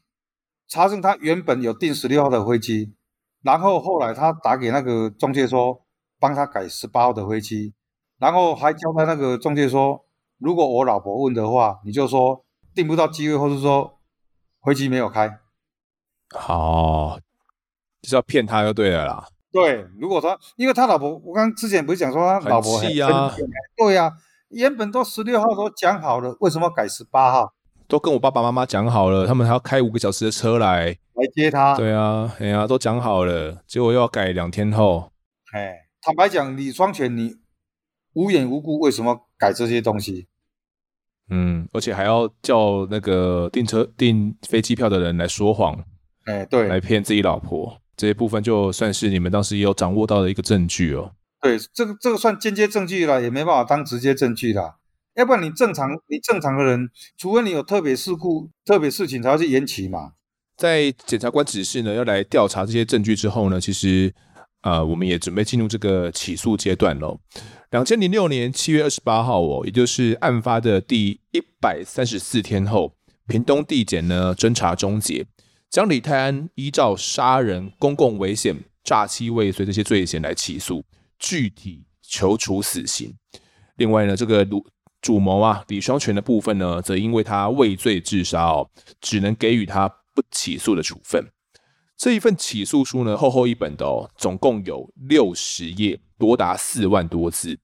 查證，他原本有訂十六號的飛機，然後後來他打給那個中介說，幫他改十八號的飛機，然後還交代那個中介說，如果我老婆問的話，你就說訂不到機會，或者是說飛機沒有開。好、哦，就是要騙他就對了啦。對，如果說，因為他老婆，我剛之前不是講說他老婆、啊、很氣啊？對呀、啊，原本都十六號都講好了，為什麼改十八號？都跟我爸爸媽媽講好了，他們還要開五個小時的車來來接他。對啊，哎呀、啊，都講好了，結果又要改兩天後。哎，坦白講，李雙全，你無緣無故為什麼改這些東西？嗯，而且還要叫那個訂車、訂飛機票的人來說謊，哎、欸，對，來騙自己老婆，這些部分就算是你們當時也有掌握到的一個證據哦。對，這個這個算間接證據啦，也沒辦法當直接證據啦。要不然你正常，你正常的人，除非你有特別事故、特別事情，才會去延期嘛。在檢察官指示呢，要來調查這些證據之後呢，其實。呃，我們也準備進入這個起訴階段嘍。兩千零六年七月二十八號哦，也就是案發的第一百三十四天後，屏東地檢呢偵查終結，將李泰安依照殺人、公共危險、詐欺未遂這些罪嫌來起訴，具體求處死刑。另外呢，這個主主謀啊李雙全的部分呢，則因為他畏罪自殺哦，只能給予他不起訴的處分。這一份起訴書呢，厚厚一本的、哦、總共有六十頁，多達四萬多字。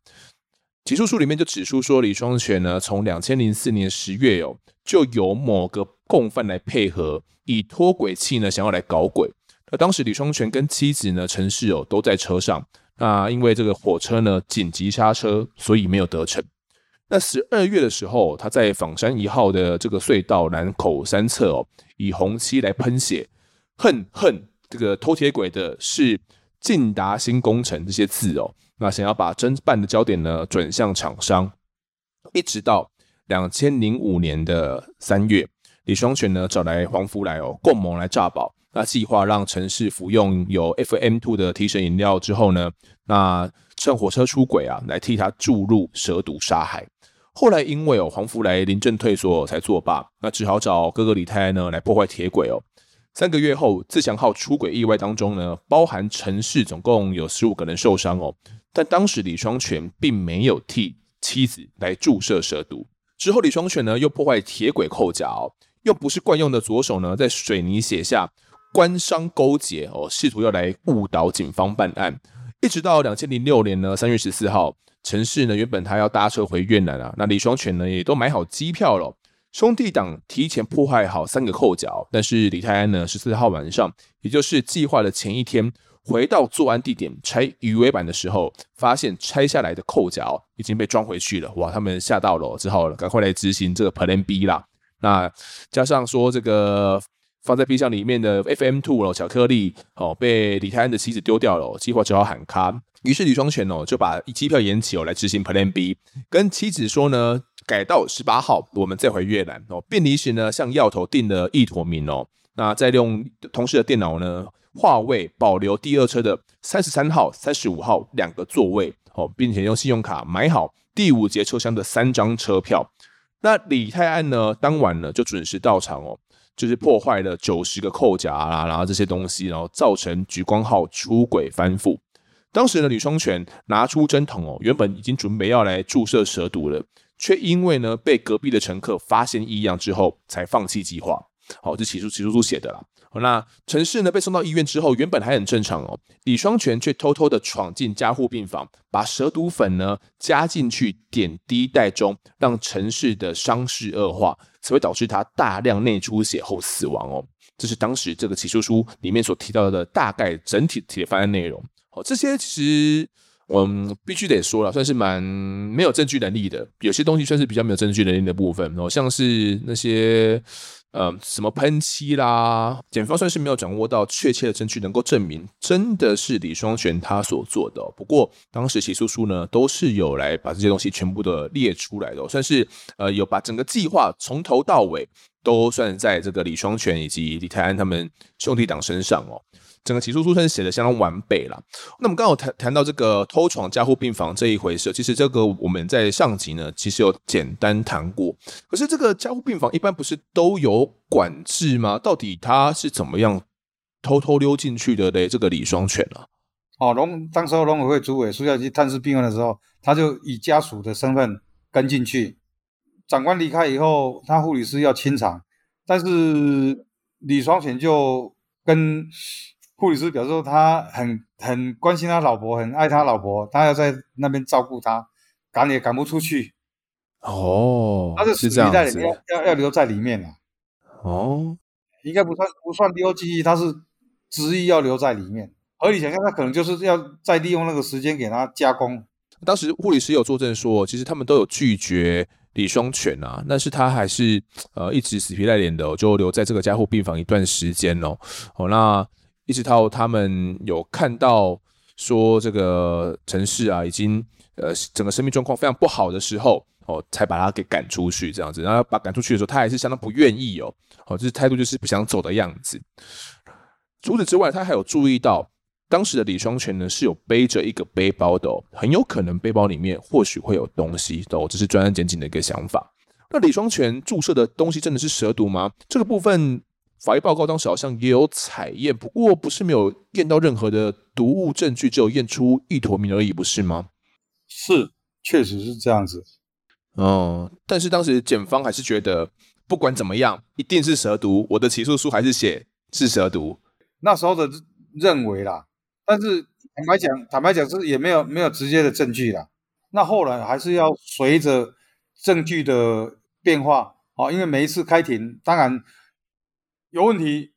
起訴書裡面就指出說，李雙全呢，從兩千零四年十月哦，就由某個共犯來配合，以脫軌器呢，想要來搞軌。那當時李雙全跟妻子呢，陳世友都在車上。那因為這個火車呢，緊急剎車，所以沒有得逞。那十二月的時候，他在仿山一號的這個隧道南口山側哦，以紅漆來噴血。恨恨這個偷鐵軌的是晉達新工程這些字哦，那想要把偵辦的焦點呢，轉向廠商，一直到兩千零五年的三月，李雙全呢，找來黃福來哦，共謀來詐保，那計劃讓陳氏服用有 FM two 的提神飲料之後呢，那趁火車出軌啊，來替他注入蛇毒殺害，後來因為哦，黃福來臨陣退縮才作罷，那只好找哥哥李泰安呢，來破壞鐵軌哦。三個月後，自強號出軌意外當中呢，包含陳氏總共有十五個人受傷哦。但當時李雙全並沒有替妻子來注射蛇毒。之後李雙全呢，又破壞鐵軌扣架哦，又不是慣用的左手呢，在水泥寫下官商勾結哦，試圖要來誤導警方辦案。一直到兩千零六年呢，三月十四號，陳氏呢原本他要搭車回越南啊，那李雙全呢也都買好機票了哦。兄弟黨提前破壞好三個扣腳，但是李泰安呢，十四號晚上，也就是計劃的前一天，回到作案地點拆魚尾板的時候，發現拆下來的扣腳已經被裝回去了。哇，他們嚇到了，之後趕快來執行這個 Plan B 啦！那加上說這個放在冰箱裡面的 FM Two 哦，巧克力哦，被李泰安的妻子丟掉了，計劃只好喊卡。於是李雙全哦就把機票延期哦來執行 Plan B，跟妻子說呢。改到十八號，我們再回越南哦。便利時呢，向藥頭訂了意妥明哦。那再用同事的電腦呢，劃位保留第二車的三十三號、三十五號兩個座位哦，並且用信用卡買好第五節車廂的三張車票。那李泰安呢，當晚呢就準時到場哦，就是破壞了九十個扣夾啦、啊，然後這些東西，然後造成莒光號出軌翻覆。當時的李雙全拿出針筒哦，原本已經準備要來注射蛇毒了。卻因為呢被隔壁的乘客發現異樣之後，才放棄計劃。好、哦，這起訴起訴書寫的啦。好，那陳氏呢被送到醫院之後，原本還很正常哦。李雙全卻偷偷地闖進加護病房，把蛇毒粉呢加進去點滴袋中，讓陳氏的傷勢惡化，才會導致他大量內出血後死亡哦。這是當時這個起訴書裡面所提到的大概整體的法律內容。好、哦，這些其實。我、嗯、們必須得說了，算是蠻沒有證據能力的，有些東西算是比較沒有證據能力的部分哦，像是那些呃什麼噴漆啦，檢方算是沒有掌握到確切的證據能夠證明真的是李雙全他所做的、哦。不過當時起訴書呢，都是有來把這些東西全部的列出來的、哦，算是呃有把整個計劃從頭到尾都算在這個李雙全以及李泰安他們兄弟黨身上哦。整個起訴書寫得相當完備了，那麼剛好談談到這個偷闖加護病房這一回事，其實這個我們在上集呢，其實有簡單談過。可是這個加護病房一般不是都有管制嗎？到底他是怎麼樣偷偷溜進去的呢？這個李雙全啊，哦，農當時農委會主委蘇要去探視病人的時候，他就以家屬的身份跟進去。長官離開以後，他護理師要清場，但是李雙全就跟。護理師表示說：“他很很關心他老婆，很愛他老婆，他要在那邊照顧他，趕也趕不出去。”哦，他是死皮賴臉，要要留在裡面了，啊。哦，應該不算不算丟棄，他是執意要留在裡面。合理想象，他可能就是要再利用那個時間給他加工。當時護理師有作證說，其實他們都有拒絕李雙全啊，但是他還是呃一直死皮賴臉的，哦，就留在這個加護病房一段時間哦。哦，那。一直到他們有看到說這個城市啊，已經呃整個生命狀況非常不好的時候哦，才把他給趕出去這樣子。然後把趕出去的時候，他還是相當不願意哦，好，這是態度就是不想走的樣子。除此之外，他還有注意到當時的李雙全呢是有背着一個背包的、哦，很有可能背包裡面或許會有東西，都、哦、這是專案檢警的一個想法。那李雙全注射的東西真的是蛇毒嗎？這個部分。法醫報告當時好像也有採驗，不過不是沒有驗到任何的毒物證據，只有驗出意妥明而已，不是嗎？是，確實是這樣子。嗯，但是當時檢方還是覺得，不管怎麼樣，一定是蛇毒。我的起訴書還是寫是蛇毒。那時候的認為啦，但是坦白講，坦白講是也沒有沒有直接的證據啦。那後來還是要隨着證據的變化好、哦，因為每一次開庭，當然。有問題，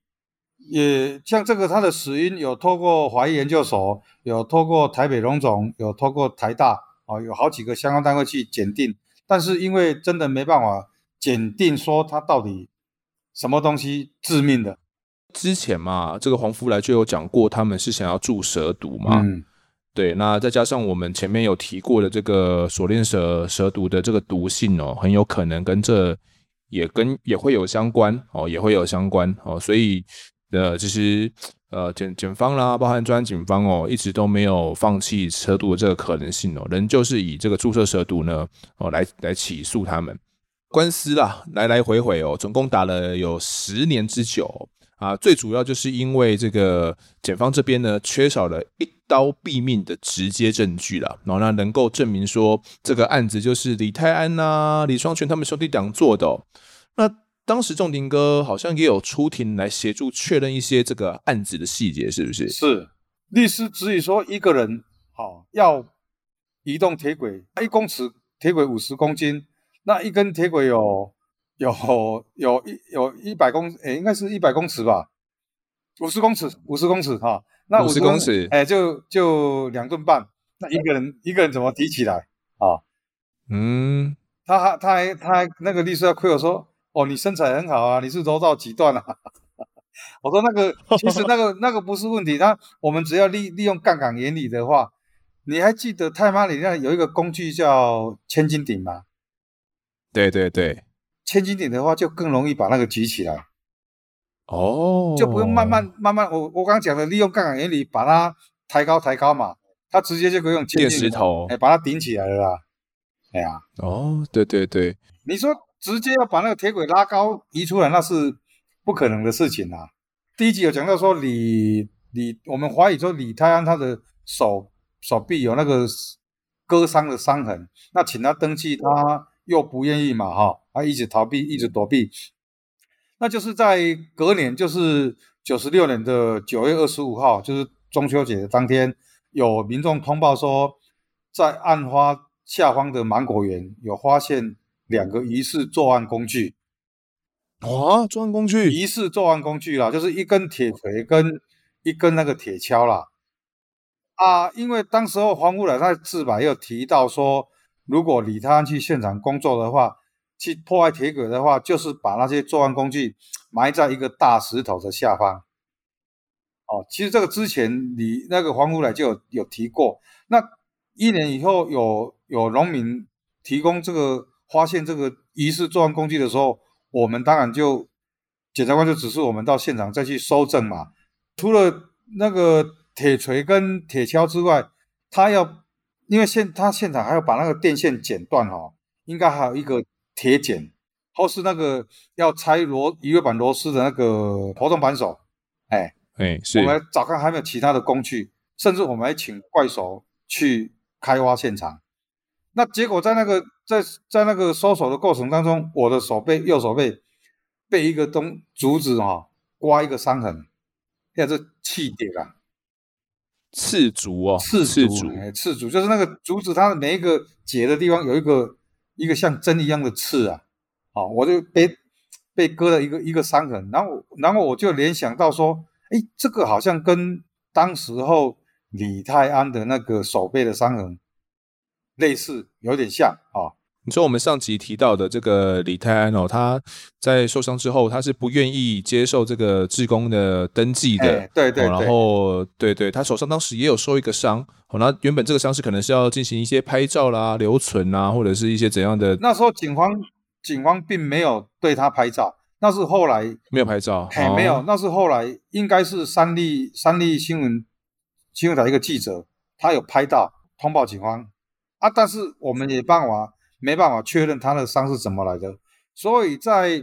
也像這個，他的死因有透過華醫研究所，有透過台北榮總，有透過台大啊、哦，有好幾個相關單位去檢定，但是因為真的沒辦法檢定說它到底什麼東西致命的。之前嘛，這個黃福來就有講過，他們是想要注蛇毒嘛、嗯，對，那再加上我們前面有提過的這個鎖鏈蛇蛇毒的這個毒性哦，很有可能跟這。也跟也會有相關哦，也會有相關哦，所以呃，其實呃，檢檢方啦，包含專案警方哦，一直都沒有放棄蛇毒的這個可能性哦，仍舊是以這個注射蛇毒呢哦來來起訴他們，官司啦來來回回哦，總共打了有十年之久。啊，最主要就是因為這個檢方這邊呢，缺少了一刀斃命的直接證據了。然後呢，能夠證明說這個案子就是李泰安吶、啊嗯、李雙全他們兄弟倆做的哦。那當時仲廷哥好像也有出庭來協助確認一些這個案子的細節，是不是？是。律師至於說一個人，好，哦，要移動鐵軌一公尺，鐵軌五十公斤，那一根鐵軌有。有有一有一百公誒、欸，應該是一百公尺吧？五十公尺，五十公尺哈。那五十公尺，哎、啊欸，就就兩噸半。那一個人、嗯、一個人怎麼提起來啊？嗯，他還他還他還那個律師還虧我說：“哦，你身材很好啊，你是柔道幾段啊？” 我說那個其實那個 那個不是問題，那我們只要利利用槓桿原理的話，你還記得泰馬里那有一個工具叫千斤頂嗎？對對對。千斤頂的話，就更容易把那個舉起來，哦，就不用慢慢、oh. 慢慢。我我剛剛講的，利用槓桿原理把它抬高抬高嘛，它直接就可以用墊石頭，欸、把它頂起來了啦。哎呀、啊，哦、oh,，對對對，你說直接要把那個鐵軌拉高移出來，那是不可能的事情啊。第一集有講到說李，李李，我們懷疑說李泰安他的手手臂有那個割傷的傷痕，那請他登記，他又不願意嘛，哈、oh.。他、啊、一直逃避，一直躲避。那就是在隔年，就是九十六年的九月二十五號，就是中秋節的當天，有民眾通報說，在案發下方的芒果園有發現兩個疑似作案工具。啊，作案工具？疑似作案工具啦，就是一根鐵錘跟一根那個鐵鍬啦。啊，因為當時候黃武來在自白又提到說，如果李泰安去現場工作的話。去破壞鐵軌的話，就是把那些作案工具埋在一個大石頭的下方。哦，其實這個之前你那個黃古來就有有提過。那一年以後有，有有農民提供這個發現這個疑似作案工具的時候，我們當然就檢察官就指示我們到現場再去搜證嘛。除了那個鐵錘跟鐵鍬之外，他要因為現他現場還要把那個電線剪斷哦，應該還有一個。鐵剪，或是那個要拆螺魚尾板螺絲的那個活動扳手。哎、欸、哎、欸，我們來找看還有沒有其他的工具，甚至我們還請怪手去開挖現場。那結果在那個在在那個收手的過程當中，我的手背右手背被一個東竹子哈、哦、刮一個傷痕，現在是氣節啊。刺竹哦，刺竹，哎，刺、欸、竹就是那個竹子，它的每一個節的地方有一個。一個像針一樣的刺啊，啊，我就被被割了一個一個傷痕，然後然後我就聯想到說，哎，這個好像跟當時候李泰安的那個手背的傷痕類似，有點像啊。哦你說我們上集提到的這個李泰安哦，他在受傷之後，他是不願意接受這個志工的登記的，欸、對，對對，哦、然後對對，他手上當時也有受一個傷，那、哦、原本這個傷是可能是要進行一些拍照啦、留存啦，或者是一些怎樣的。那時候警方警方並沒有對他拍照，那是後來沒有拍照，哦，沒有，那是後來應該是三立三立新聞新聞台一個記者，他有拍到通報警方啊，但是我們也幫忙。沒辦法確認他的傷是怎麼來的，所以在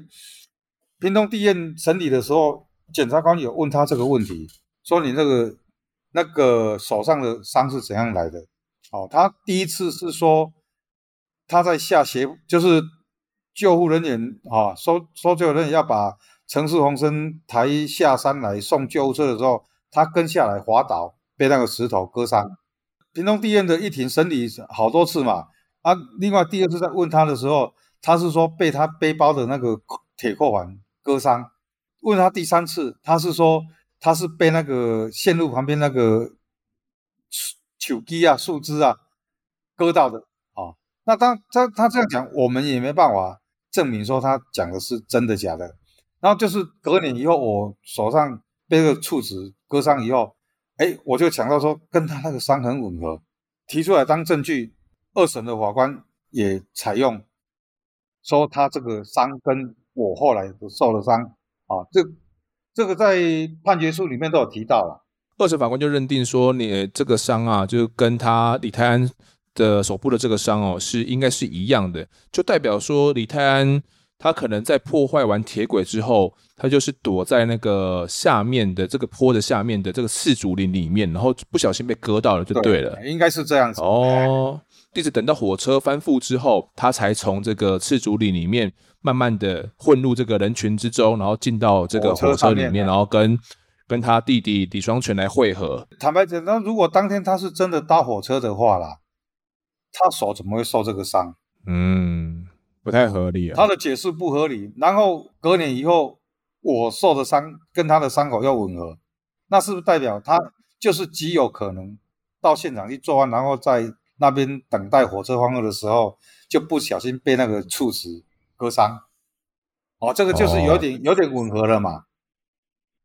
屏東地院審理的時候，檢察官有問他這個問題，說你那個那個手上的傷是怎樣來的？哦，他第一次是說他在下斜，就是救護人員啊，說說救護人員要把陳氏紅琛抬下山來送救護車的時候，他跟下來滑倒，被那個石頭割傷。屏東地院的一庭審理好多次嘛。啊，另外第二次在問他的時候，他是說被他背包的那個鐵扣環割傷。問他第三次，他是說他是被那個線路旁邊那個樹枝啊、樹枝啊割到的啊、哦。那當他他這樣講，我們也沒辦法證明說他講的是真的假的。然後就是隔年以後，我手上被那個樹枝割傷以後，哎，我就想到說跟他那個傷痕吻合，提出來當證據。二審的法官也採用，說他這個傷跟我後來受了傷啊，這這個在判決書裡面都有提到。二審法官就認定說，你這個傷啊，就跟他李泰安的手部的這個傷哦，是應該是一樣的，就代表說李泰安他可能在破壞完鐵軌之後，他就是躲在那個下面的這個坡的下面的這個刺竹林裡面，然後不小心被割到了，就對了，應該是這樣子哦、欸。一直等到火車翻覆之後，他才從這個赤足嶺裡面慢慢的混入這個人群之中，然後進到這個火車裡面，哦、面然後跟跟他弟弟李雙全來匯合。坦白講，那如果當天他是真的搭火車的話啦，他手怎麼會受這個傷？嗯，不太合理啊。他的解釋不合理。然後隔年以後，我受的傷跟他的傷口又吻合，那是不是代表他就是極有可能到現場去作案，然後再？那邊等待火車發車的時候，就不小心被那個柱子割傷。哦，這個就是有點、哦、有點吻合了嘛。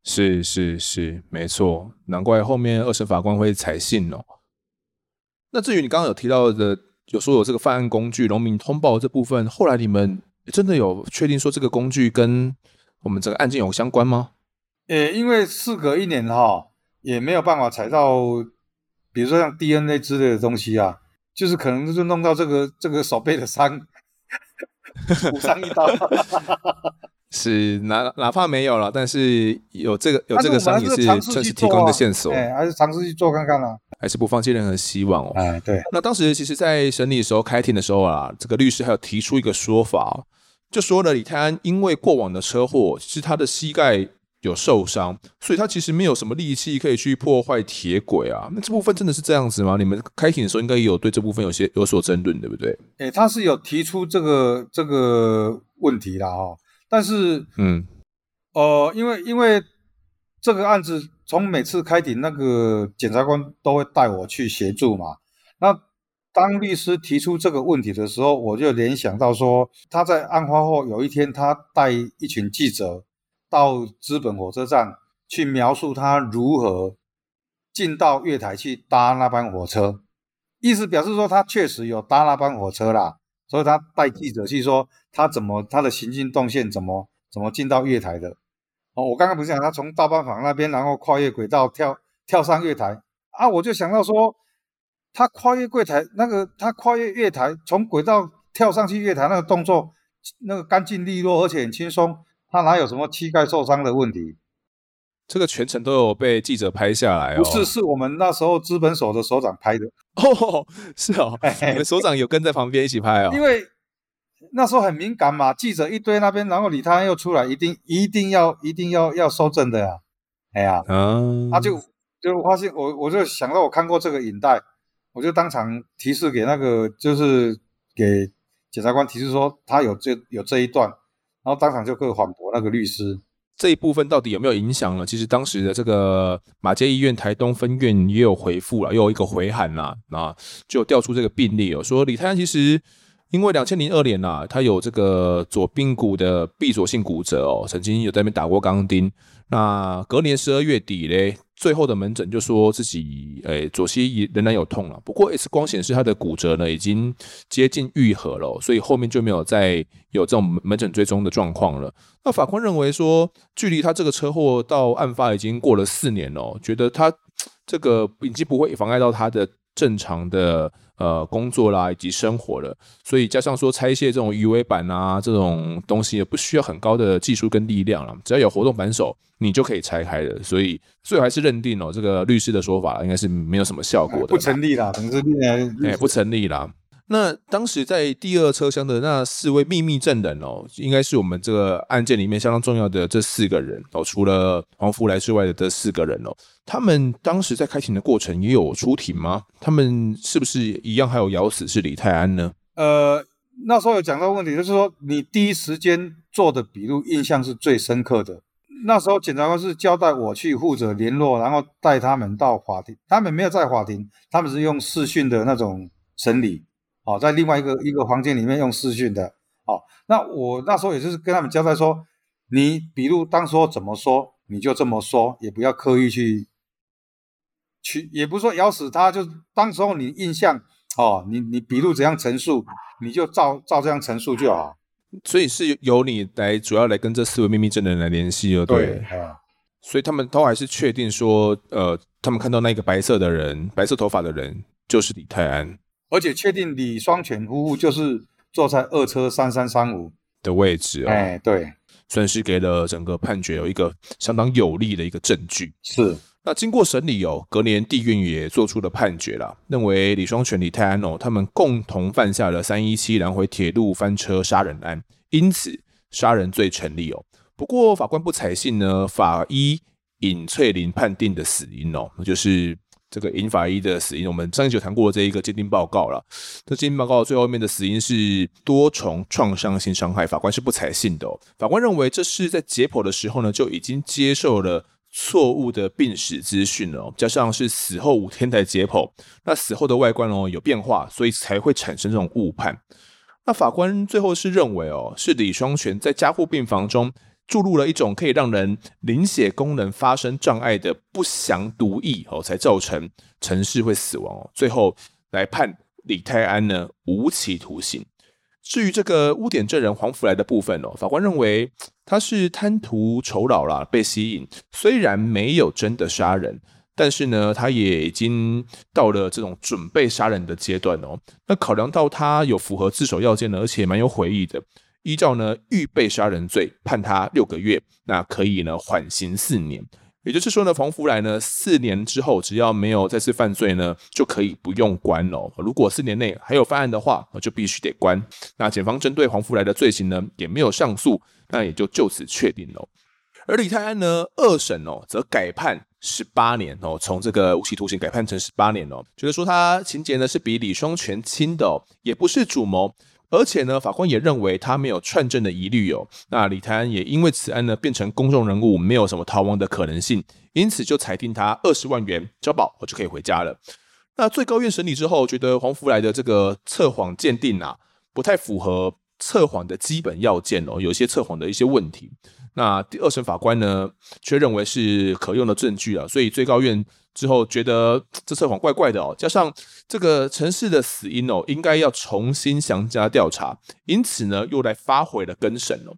是是是，沒錯，難怪後面二審法官會採信哦。那至於你剛剛有提到的，有說有這個犯案工具，農民通報這部分，後來你們真的有確定說這個工具跟我們這個案件有相關嗎？呃、欸，因為事隔一年哈、哦，也沒有辦法採到。比如說像 DNA 之類的東西啊，就是可能就弄到這個這個手背的傷，補上一刀。 是，哪哪怕沒有了，但是有這個有這個傷也，也是、啊、算是提供的線索。哎、還是嘗試去做看看啦、啊、還是不放棄任何希望哦。哎，對。那當時其實，在審理的時候，開庭的時候啊，這個律師還有提出一個說法，就說了李泰安因為過往的車禍，是他的膝蓋。有受傷，所以他其實沒有什麼力氣可以去破壞鐵軌啊。那這部分真的是這樣子嗎？你們開庭的時候應該有對這部分有些有所爭論，對不對？誒、欸、他是有提出這個這個問題的哈、喔，但是，嗯，呃，因為因為這個案子從每次開庭，那個檢察官都會帶我去協助嘛。那當律師提出這個問題的時候，我就聯想到說，他在案發後有一天，他帶一群記者。到資本火車站去描述他如何進到月台去搭那班火車，意思表示說他確實有搭那班火車啦，所以他帶記者去說他怎麼他的行進動線怎麼怎麼進到月台的。哦，我剛剛不是講他從大班房那邊，然後跨越軌道跳跳上月台啊，我就想到說他跨越櫃台那個，他跨越月台從軌道跳上去月台那個動作，那個乾淨利落而且很輕鬆。他哪有什麼膝蓋受傷的問題？這個全程都有被記者拍下來哦。不是，是我們那時候資本所的所長拍的。哦，是哦，我 們所長有跟在旁邊一起拍哦。 因為那時候很敏感嘛，記者一堆那邊，然後李泰安又出來，一定、一定要、一定要要搜證的呀、啊。哎呀、啊，嗯，他、啊、就就我發現我，我就想到我看過這個影帶，我就當場提示給那個，就是給檢察官提示說，他有這有這一段。然後當場就去反駁那個律師，這一部分到底有沒有影響呢？其實當時的這個馬偕醫院台東分院也有回復了，又有一個回函啦，啊，就有調出這個病例哦，說李泰安其實因為兩千零二年吶、啊，他有這個左髕骨的閉鎖性骨折哦，曾經有在那邊打過鋼釘，那隔年十二月底咧。最後的門診就說自己誒、欸、左膝仍然有痛了、啊，不過 X 光顯示他的骨折呢已經接近愈合了、哦，所以後面就沒有再有這種門診追蹤的狀況了。那法官認為說，距離他這個車禍到案發已經過了四年了、哦，覺得他這個已經不會妨礙到他的正常的。呃，工作啦，以及生活的，所以加上說拆卸這種魚尾板啊，這種東西也不需要很高的技術跟力量了，只要有活動扳手，你就可以拆開了。所以最後還是認定了、哦、這個律師的說法，應該是沒有什麼效果的，不成立啦，很成立，欸，不成立啦。那當時在第二車廂的那四位秘密證人哦，應該是我們這個案件裡面相當重要的這四個人哦，除了黃福來之外的這四個人哦，他們當時在開庭的過程也有出庭嗎？他們是不是一樣還有咬死是李泰安呢？呃，那時候有講到問題，就是說你第一時間做的筆錄印象是最深刻的。那時候檢察官是交代我去負責聯絡，然後帶他們到法庭，他們沒有在法庭，他們是用視訊的那種審理。哦，在另外一個一個房間裡面用視訊的哦，那我那時候也就是跟他們交代說，你筆錄當時候怎麼說，你就這麼說，也不要刻意去去，也不是說咬死他，就當時候你印象哦，你你筆錄怎樣陳述，你就照照這樣陳述就好。所以是由你來主要來跟這四位秘密證人來聯繫，對、啊，所以他們都還是確定說，呃，他們看到那個白色的人，白色頭髮的人就是李泰安。而且確定李雙全夫婦就是坐在二車三三三五的位置啊、哦欸！對，算是給了整個判決有一個相當有力的一個證據。是。那經過審理哦，隔年地院也做出了判決啦，認為李雙全、李泰安哦，他們共同犯下了三一七南回鐵路翻車殺人案，因此殺人罪成立哦。不過法官不採信呢，法醫尹翠林判定的死因哦，就是。這個尹法醫的死因，我們上一集就談過的這一個鑑定報告了。這鑑定報告最後面的死因是多重創傷性傷害，法官是不採信的哦。法官認為這是在解剖的時候呢，就已經接受了錯誤的病史資訊了哦，加上是死後五天才解剖，那死後的外觀哦，有變化，所以才會產生這種誤判。那法官最後是認為哦，是李雙全在加護病房中。注入了一種可以讓人凝血功能發生障礙的不詳毒液哦，才造成陳氏會死亡哦。最後來判李泰安呢無期徒刑。至於這個污點證人黃福來的部分哦，法官認為他是貪圖酬勞啦，被吸引。雖然沒有真的殺人，但是呢，他也已經到了這種準備殺人的階段哦。那考量到他有符合自首要件，而且蠻有悔意的。依照呢預備殺人罪判他六個月，那可以呢緩刑四年，也就是說呢，黃福來呢四年之後只要沒有再次犯罪呢，就可以不用關了，哦。如果四年內還有犯案的話，就必須得關。那檢方針對黃福來的罪行呢也沒有上訴，那也就就此確定了，哦。而李泰安呢二審哦則改判十八年哦，從這個無期徒刑改判成十八年哦，覺、就、得、是、說他情節呢是比李雙全輕的，哦，也不是主謀。而且呢，法官也認為他沒有串證的疑慮哦。那李泰安也因為此案呢變成公眾人物，沒有什麼逃亡的可能性，因此就裁定他二十萬元交保，我就可以回家了。那最高院審理之後，覺得黃福來的這個測謊鑑定啊，不太符合測謊的基本要件哦，有一些測謊的一些問題。那第二審法官呢，卻認為是可用的證據啊，所以最高院之後覺得這測謊怪怪的哦，加上。這個陳氏的死因哦，應該要重新詳加調查，因此呢，又來發回了更審嘍。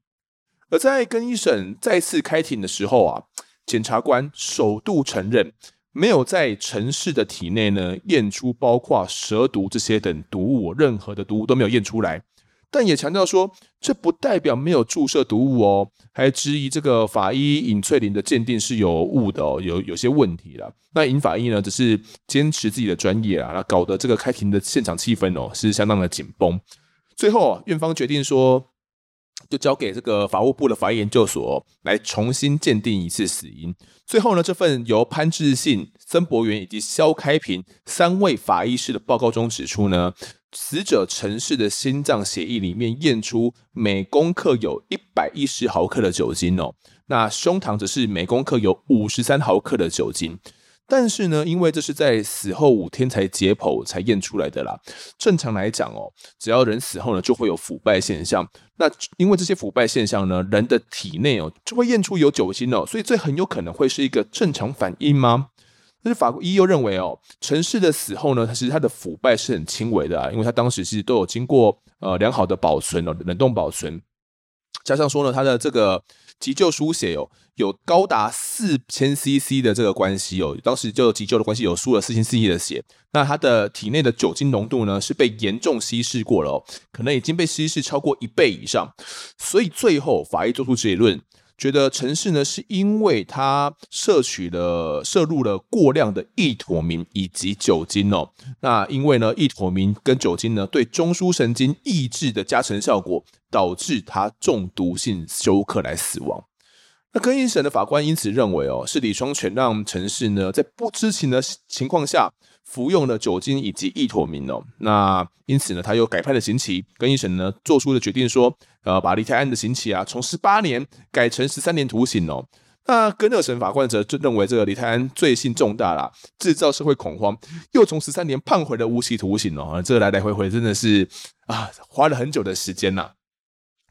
而在更一審再次開庭的時候啊，檢察官首度承認，沒有在陳氏的體內呢驗出包括蛇毒這些等毒物，任何的毒物都沒有驗出來。但也強調說，這不代表沒有注射毒物哦，還質疑這個法醫尹翠玲的鑑定是有誤的哦，有有些問題了。那尹法醫呢，只是堅持自己的專業啊，那搞得這個開庭的現場氣氛哦是相當的緊繃。最後、啊，院方決定說，就交給這個法務部的法醫研究所、哦、來重新鑑定一次死因。最後呢，這份由潘志信、曾博元以及蕭開平三位法醫師的報告中指出呢。死者陳氏的心臟血液裡面驗出每公克有一百一十毫克的酒精哦、喔，那胸膛則是每公克有五十三毫克的酒精。但是呢，因為這是在死後五天才解剖才驗出來的啦。正常來講哦、喔，只要人死後呢，就會有腐敗現象。那因為這些腐敗現象呢，人的體內哦、喔，就會驗出有酒精哦、喔，所以這很有可能會是一個正常反應嗎？但是法醫又認為哦，陳氏的死後呢，其實他的腐敗是很輕微的啊，因為他當時是都有經過呃良好的保存哦，冷凍保存，加上說呢，他的這個急救輸血哦，有高達四千 CC 的這個關係哦，當時就急救的關係有輸了四千 CC 的血，那他的體內的酒精濃度呢是被嚴重稀釋過了哦，可能已經被稀釋超過一倍以上，所以最後法醫做出結論。覺得陳氏呢，是因為他攝取了攝入了過量的意妥明以及酒精哦。那因為呢，意妥明跟酒精呢，對中樞神經抑制的加成效果，導致他中毒性休克來死亡。那高等審的法官因此認為哦，是李雙全讓陳氏呢，在不知情的情況下，服用了酒精以及意妥明哦，那因此呢，他又改判了刑期。更一審呢，做出了決定說，呃，把李泰安的刑期啊，從十八年改成十三年徒刑哦。那更二審法官則就認為這個李泰安罪性重大啦，啊，製造社會恐慌，又從十三年判回了無期徒刑哦。這來來回回真的是啊，花了很久的時間吶，啊。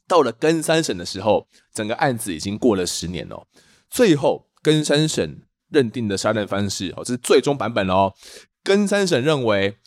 到了更三審的時候，整個案子已經過了十年了哦。最後更三審認定的殺人方式哦，這是最終版本哦。更三審認為，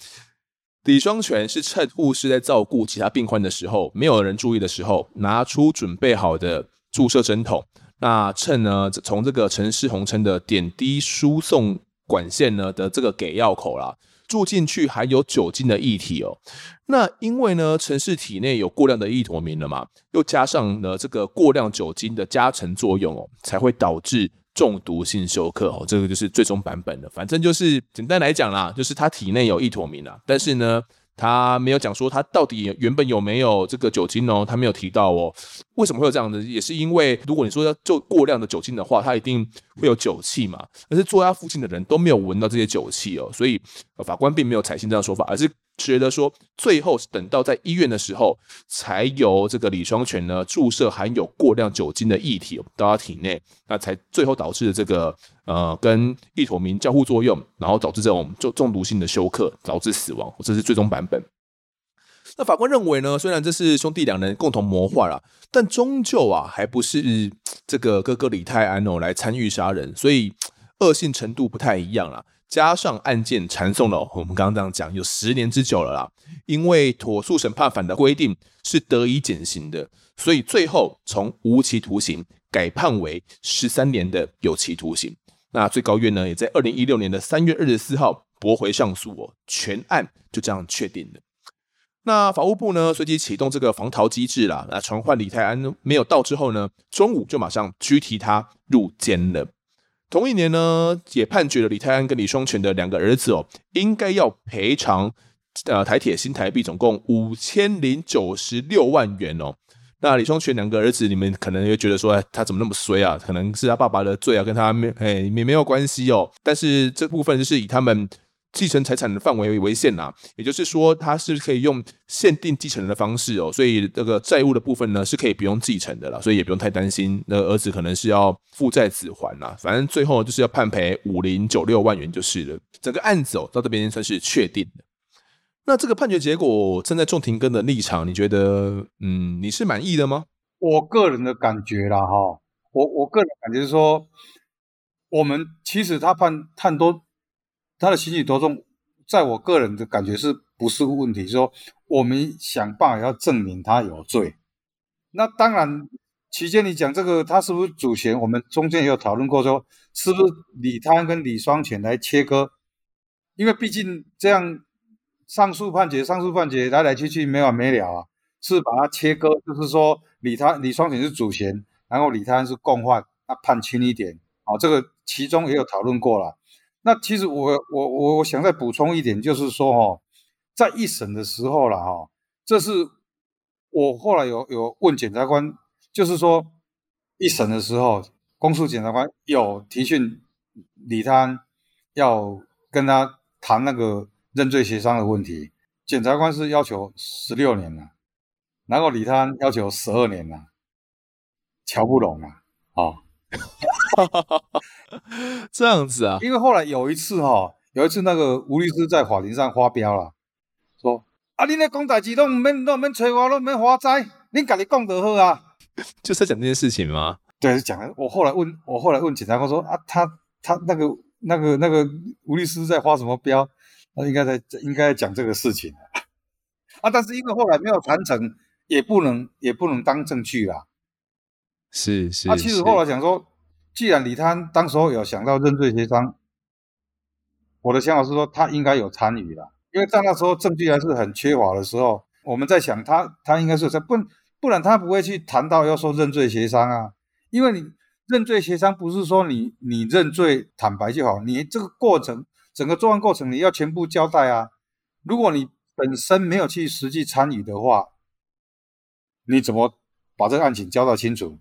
李雙全是趁護士在照顧其他病患的時候，沒有人注意的時候，拿出準備好的注射針筒，那趁呢，從這個陳氏紅琛的點滴輸送管線呢的這個給藥口啦，注進去含有酒精的液體哦、喔。那因為呢，陳氏體內有過量的意妥明了嘛，又加上呢這個過量酒精的加成作用哦、喔，才會導致。中毒性休克哦，這個就是最終版本的。反正就是簡單來講啦，就是他體內有意妥明啦、啊，但是呢，他沒有講說他到底原本有沒有這個酒精哦，他沒有提到哦。為什麼會有這樣的？也是因為如果你說要做過量的酒精的話，他一定會有酒氣嘛。可是坐他附近的人都沒有聞到這些酒氣哦，所以法官並沒有採信這樣的說法，而是。覺得說，最後是等到在醫院的時候，才由這個李雙全呢，注射含有過量酒精的液體到他體內，那才最後導致這個呃跟意妥明交互作用，然後導致這種重中毒性的休克，導致死亡。這是最終版本。那法官認為呢，雖然這是兄弟兩人共同謀劃了，但終究啊還不是這個哥哥李泰安哦、喔、來參與殺人，所以惡性程度不太一樣了。加上案件纏訟了，我們剛剛這樣講，有十年之久了啦。因為妥速審判法的規定是得以減刑的，所以最後從無期徒刑改判為十三年的有期徒刑。那最高院呢，也在二零一六年的三月二十四號駁回上訴哦，全案就這樣確定了。那法務部呢，隨即啟動這個防逃機制啦，那傳喚李泰安沒有到之後呢，中午就馬上拘提他入監了。同一年呢，也判決了李泰安跟李雙全的兩個兒子哦，應該要賠償呃台鐵新台幣總共五千零九十六萬元哦。那李雙全兩個兒子，你們可能又覺得說他怎麼那麼衰啊？可能是他爸爸的罪啊，跟他沒哎沒沒有關係哦。但是這部分就是以他們。繼承財產的範圍為限吶、啊，也就是說，他是可以用限定繼承的方式哦，所以這個債務的部分呢，是可以不用繼承的了，所以也不用太擔心，那兒子可能是要負債子還吶，反正最後就是要判賠五零九六萬元就是了，整個案子哦，到這邊算是確定的。那這個判決結果，站在仲庭根的立場，你覺得嗯，你是滿意的嗎？我個人的感覺啦哈，我我個人的感覺是說，我們其實他判判多。他的刑期多重，在我個人的感覺是不是個問題？就是、說我們想辦法要證明他有罪。那當然，期間你講這個他是不是主嫌？我們中間也有討論過說，說是不是李泰安跟李雙全來切割？因為畢竟這樣上訴判決、上訴判決來來去去沒完沒了啊，是把它切割，就是說李泰、李雙全是主嫌，然後李泰安是共犯，那、啊、判輕一點。哦，這個其中也有討論過了。那其實我我我我想再補充一點，就是說哦，在一審的時候了哈、哦，這是我後來有有問檢察官，就是說一審的時候，公訴檢察官有提訊李泰安，要跟他談那個認罪協商的問題，檢察官是要求十六年吶、啊，然後李泰安要求十二年吶，喬不攏啊啊。哈， 這樣子啊？因為後來有一次哈、哦，有一次那個吳律師在法庭上發飆了，說：“啊，你那講代志，都唔免，都唔免催我，都唔免花債，你自己講就好啊。 ”就是在講這件事情嗎？對，講。我後來問我後來問警察，他說：“啊，他他那個那個那個吳律師在發什麼飆？他應該在應該講這個事情 啊。”但是因為後來沒有談成，也不能也不能當證據啊。是是，他、啊、其實後來想說，既然李泰安當時候有想到認罪協商，我的想法是說他應該有參與啦，因為在那時候證據還是很缺乏的時候，我們在想他他應該是在不不然他不會去談到要說認罪協商啊，因為你認罪協商不是說你你認罪坦白就好，你這個過程整個作案過程你要全部交代啊，如果你本身沒有去實際參與的話，你怎麼把這個案情交代清楚？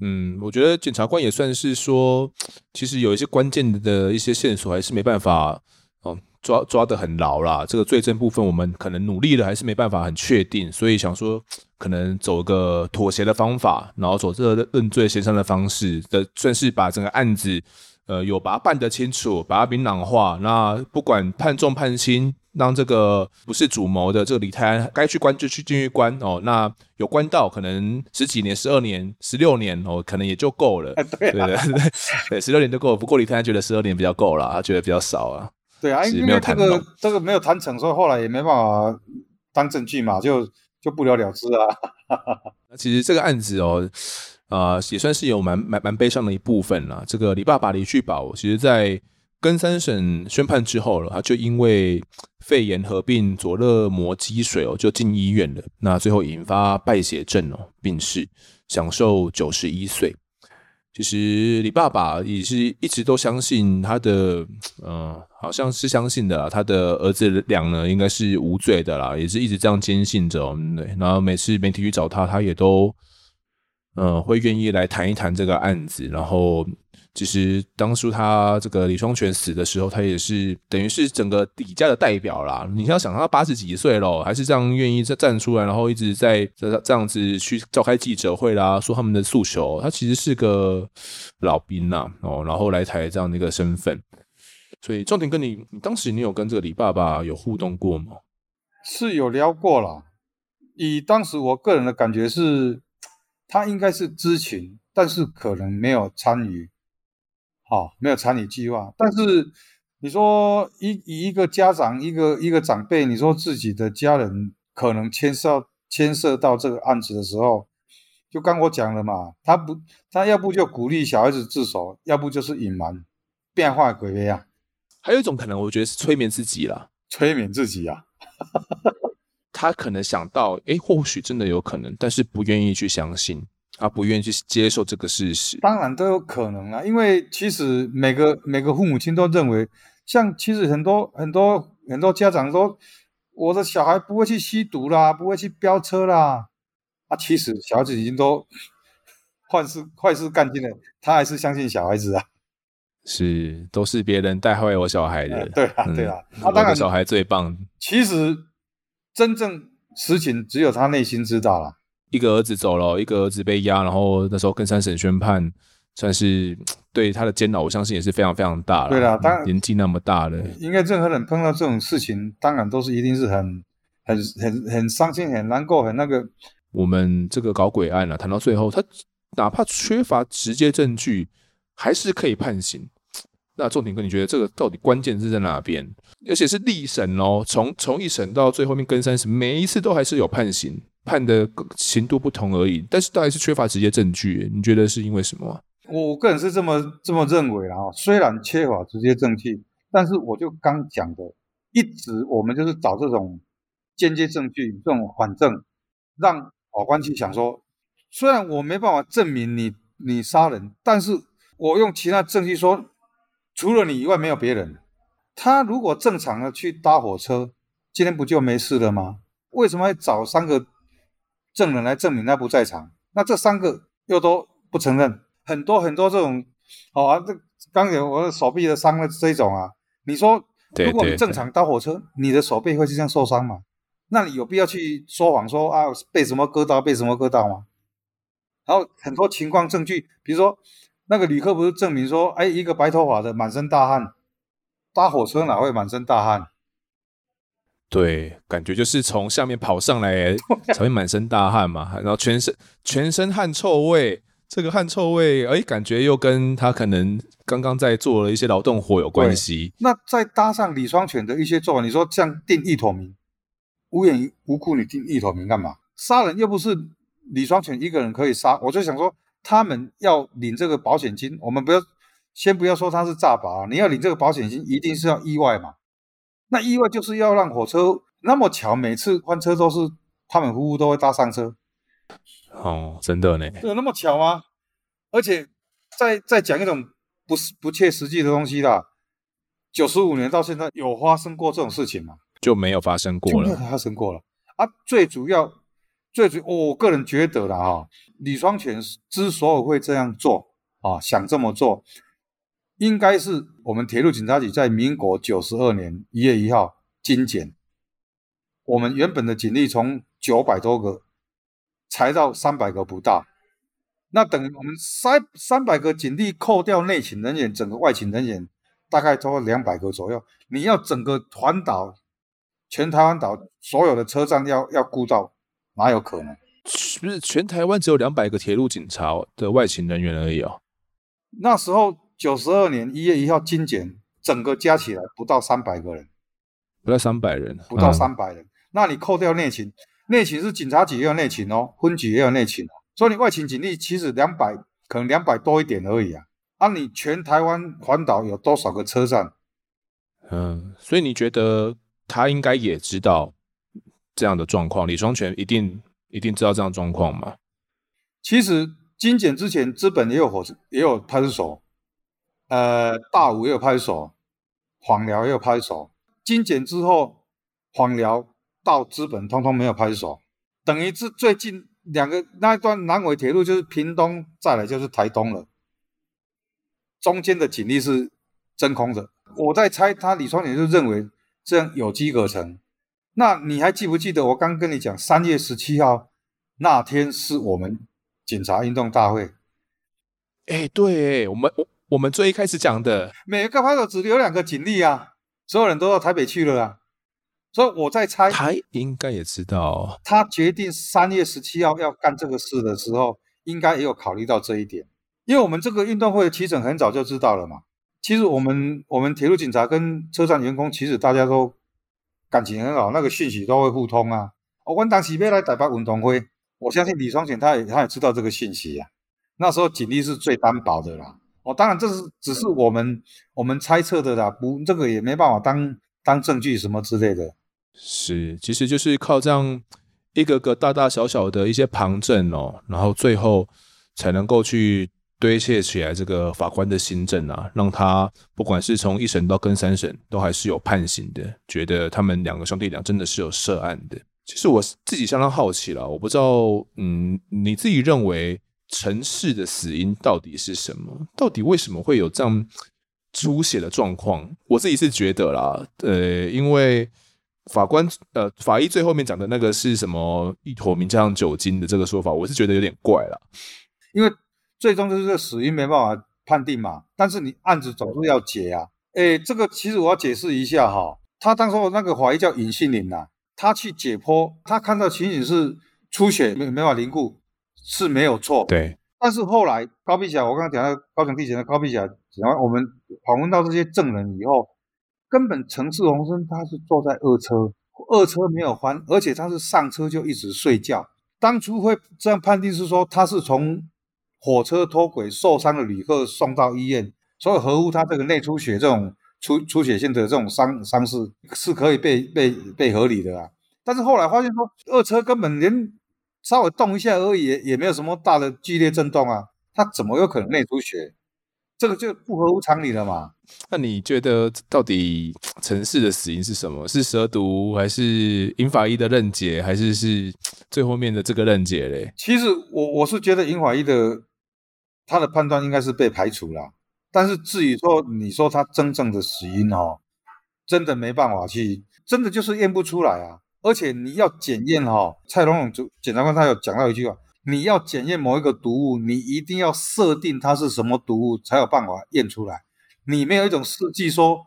嗯，我覺得檢察官也算是說，其實有一些關鍵的一些線索還是沒辦法哦、啊、抓抓得很牢啦。這個罪證部分我們可能努力了，還是沒辦法很確定，所以想說可能走個妥協的方法，然後走這個認罪協商的方式，算是把整個案子呃有把它辦得清楚，把它明朗化。那不管判重判輕。讓這個不是主謀的這個李泰安該去關就去進去關哦，那有關到可能十幾年、十二年、十六年哦，可能也就夠了。哎，對了、啊，對對對，十六年就夠。不過李泰安覺得十二年比較夠了，他覺得比較少啊。對啊，因為這個這個沒有談成，所以後來也沒辦法當證據嘛，就就不了了之啊。那 其實這個案子哦，啊、呃、也算是有蠻蠻蠻悲傷的一部分了。這個李爸爸李聚寶其實，在。跟三審宣判之後了，他就因為肺炎合併左肋膜積水哦、喔，就進醫院了。那最後引發敗血症哦、喔，病逝，享壽九十一歲。其實，李爸爸也是一直都相信他的，嗯、呃，好像是相信的啦。他的兒子兩呢，應該是無罪的啦，也是一直這樣堅信着。對，然後每次媒體去找他，他也都嗯、呃、會願意來談一談這個案子，然後。其實當初他這個李雙全死的時候，他也是等於是整個李家的代表啦。你要想他八十幾歲了，還是這樣願意再站出來，然後一直在這這樣子去召開記者會啦，說他們的訴求。他其實是個老兵吶、啊，哦，然後來台這樣的一個身份。所以仲庭跟你，當時你有跟這個李爸爸有互動過嗎？是有聊過了。以當時我個人的感覺是，他應該是知情，但是可能沒有參與。好、哦，沒有參與計劃。但是你說以一個家長，一個一個長輩，你說自己的家人可能牽涉牽涉到這個案子的時候，就剛我講了嘛。他不，他要不就鼓勵小孩子自首，要不就是隱瞞、變化詭辯啊。還有一種可能，我覺得是催眠自己了，催眠自己啊。 他可能想到，哎，或許真的有可能，但是不願意去相信。他、啊、不願意去接受這個事實，當然都有可能啊，因為其實每個每個父母親都認為，像其實很多很多很多家長都，我的小孩不會去吸毒啦，不會去飆車啦。啊，其實小孩子已經都壞事壞事幹盡了，他還是相信小孩子啊。是，都是別人帶壞我小孩的。嗯。對啊，對啊。他那個小孩最棒。其實真正實情只有他內心知道了。一個兒子走了，一個兒子被押，然後那時候更三審宣判，算是對他的煎熬，我相信也是非常非常大了。對啊，當然年紀那麼大了，應該任何人碰到這種事情，當然都是一定是很、很、很、很傷心、很難過、很那個。我們這個搞軌案呢、啊，談到最後，他哪怕缺乏直接證據，還是可以判刑。那仲庭哥，你覺得這個到底關鍵是在哪邊？而且是一審哦，從從一審到最後面更三審，每一次都還是有判刑。判的刑度不同而已，但是當然是缺乏直接證據。你覺得是因為什麼？我我個人是這麼這麼認為啊。雖然缺乏直接證據，但是我就剛講的，一直我們就是找這種間接證據，這種反證，讓法官去想說，雖然我沒辦法證明你你殺人，但是我用其他證據說，除了你以外沒有別人。他如果正常的去搭火車，今天不就沒事了嗎？為什麼要找三個？證人來證明他不在場，那這三個又都不承認，很多很多這種，哦，啊、這剛才我的手臂的傷的這種啊，你說如果你正常搭火車，對對對你的手背會是這樣受傷嘛？那你有必要去說謊說啊被什麼割到被什麼割到嗎？然後很多情況證據，比如說那個旅客不是證明說，哎，一個白頭髮的滿身大汗，搭火車哪會滿身大汗？對，感覺就是從下面跑上來才會滿身大汗嘛， 然後全身全身汗臭味，這個汗臭味，哎，感覺又跟他可能剛剛在做了一些勞動活有關係。那再搭上李雙全的一些做法，你說這樣定一頭民。無緣無故你定一頭民幹嘛？殺人又不是李雙全一個人可以殺，我就想說，他們要領這個保險金，我們不要先不要說他是詐保啊，你要領這個保險金，一定是要意外嘛。嗯那意外就是要讓火車那麼巧，每次換車都是他們夫婦都會搭上車。哦，真的呢？有那麼巧嗎？而且再，再再講一種不是不切實際的東西啦。九十五年到現在，有發生過這種事情嗎？就沒有發生過了。就沒有發生過了。啊，最主要，最主要、哦，我個人覺得啦，啊，李雙全之所以會這樣做啊，想這麼做，應該是。我們鐵路警察局在民國九十二年一月一號精簡，我們原本的警力從九百多個，裁到三百個不到。那等於我們三三百個警力扣掉內勤人員，整個外勤人員大概只有兩百個左右。你要整個環島，全台灣島所有的車站要要顧到，哪有可能？不是，全台灣只有兩百個鐵路警察的外勤人員而已哦。那時候。九十二年一月一號精簡，整個加起來不到三百個人，不到三百人，嗯，不到三百人。那你扣掉內勤，內勤是警察局也有內勤哦，分局也有內勤。所以你外勤警力其實兩百，可能兩百多一點而已啊。按、啊、你全台灣環島有多少個車站？嗯，所以你覺得他應該也知道這樣的狀況？李雙全一定一定知道這樣狀況嗎？其實精簡之前，資本也有火車，也有派出所。呃，大武又派出所，黃寮又派出所，精簡之後，黃寮到資本通通沒有派出所，等於是最近兩個那一段南迴鐵路就是屏東，再來就是台東了，中間的警力是真空的。我在猜他，他李雙遠就認為這樣有機可乘。那你還記不記得我剛跟你講，三月十七號那天是我們警察運動大會？哎、欸，對、欸，我們我們最一開始講的，每個派出所只有兩個警力啊，所有人都到台北去了啊，所以我在猜，他應該也知道，他決定三月十七號要幹這個事的時候，應該也有考慮到這一點，因為我們這個運動會的期程很早就知道了嘛。其實我們我們鐵路警察跟車站員工，其實大家都感情很好，那個訊息都會互通啊。我我當時要來台北運動會，我相信李雙全他也他也知道這個訊息啊。那時候警力是最單薄的啦。哦，當然這是只是我們我們猜測的啦，不這個也沒辦法當當證據什麼之類的。是，其實就是靠這樣一個個大大小小的一些旁證哦，然後最後才能夠去堆砌起來這個法官的心證啊，讓他不管是從一審到更三審都還是有判刑的，覺得他們兩個兄弟倆真的是有涉案的。其實我自己相當好奇啦，我不知道嗯你自己認為。陳氏的死因到底是什麼？到底為什麼會有這樣出血的狀況？我自己是覺得啦，呃，因為法官呃法醫最後面講的那個是什麼意妥明叫酒精的這個說法，我是覺得有點怪啦。因為最終就是這個死因沒辦法判定嘛，但是你案子總是要解啊。誒、欸，這個其實我要解釋一下哈，他當時那個法醫叫尹杏林吶、啊，他去解剖，他看到僅僅是出血沒沒辦法凝固。是沒有錯，對。但是後來高碧霞，我剛剛講到高地碧的高碧霞，只要我們訪問到這些證人以後，根本程世榮生他是坐在二車，二車沒有翻，而且他是上車就一直睡覺。當初會這樣判定是說他是從火車脫軌受傷的旅客送到醫院，所以合乎他這個內出血這種出出血性的這種傷傷勢是可以被被被合理的啊。但是後來發現說二車根本連。稍微動一下而已，也，也沒有什麼大的劇烈震動啊，他怎麼有可能內出血？這個就不合乎常理了嘛。那你覺得到底陳氏的死因是什麼？是蛇毒還是尹法醫的認解，還是是最後面的這個認解嘞？其實我我是覺得尹法醫的他的判斷應該是被排除了，但是至於說你說他真正的死因哦，真的沒辦法去，真的就是驗不出來啊。而且你要檢驗哈，蔡龍龍主檢察官他有講到一句話，你要檢驗某一個毒物，你一定要設定它是什麼毒物，才有辦法驗出來。你沒有一種試劑說，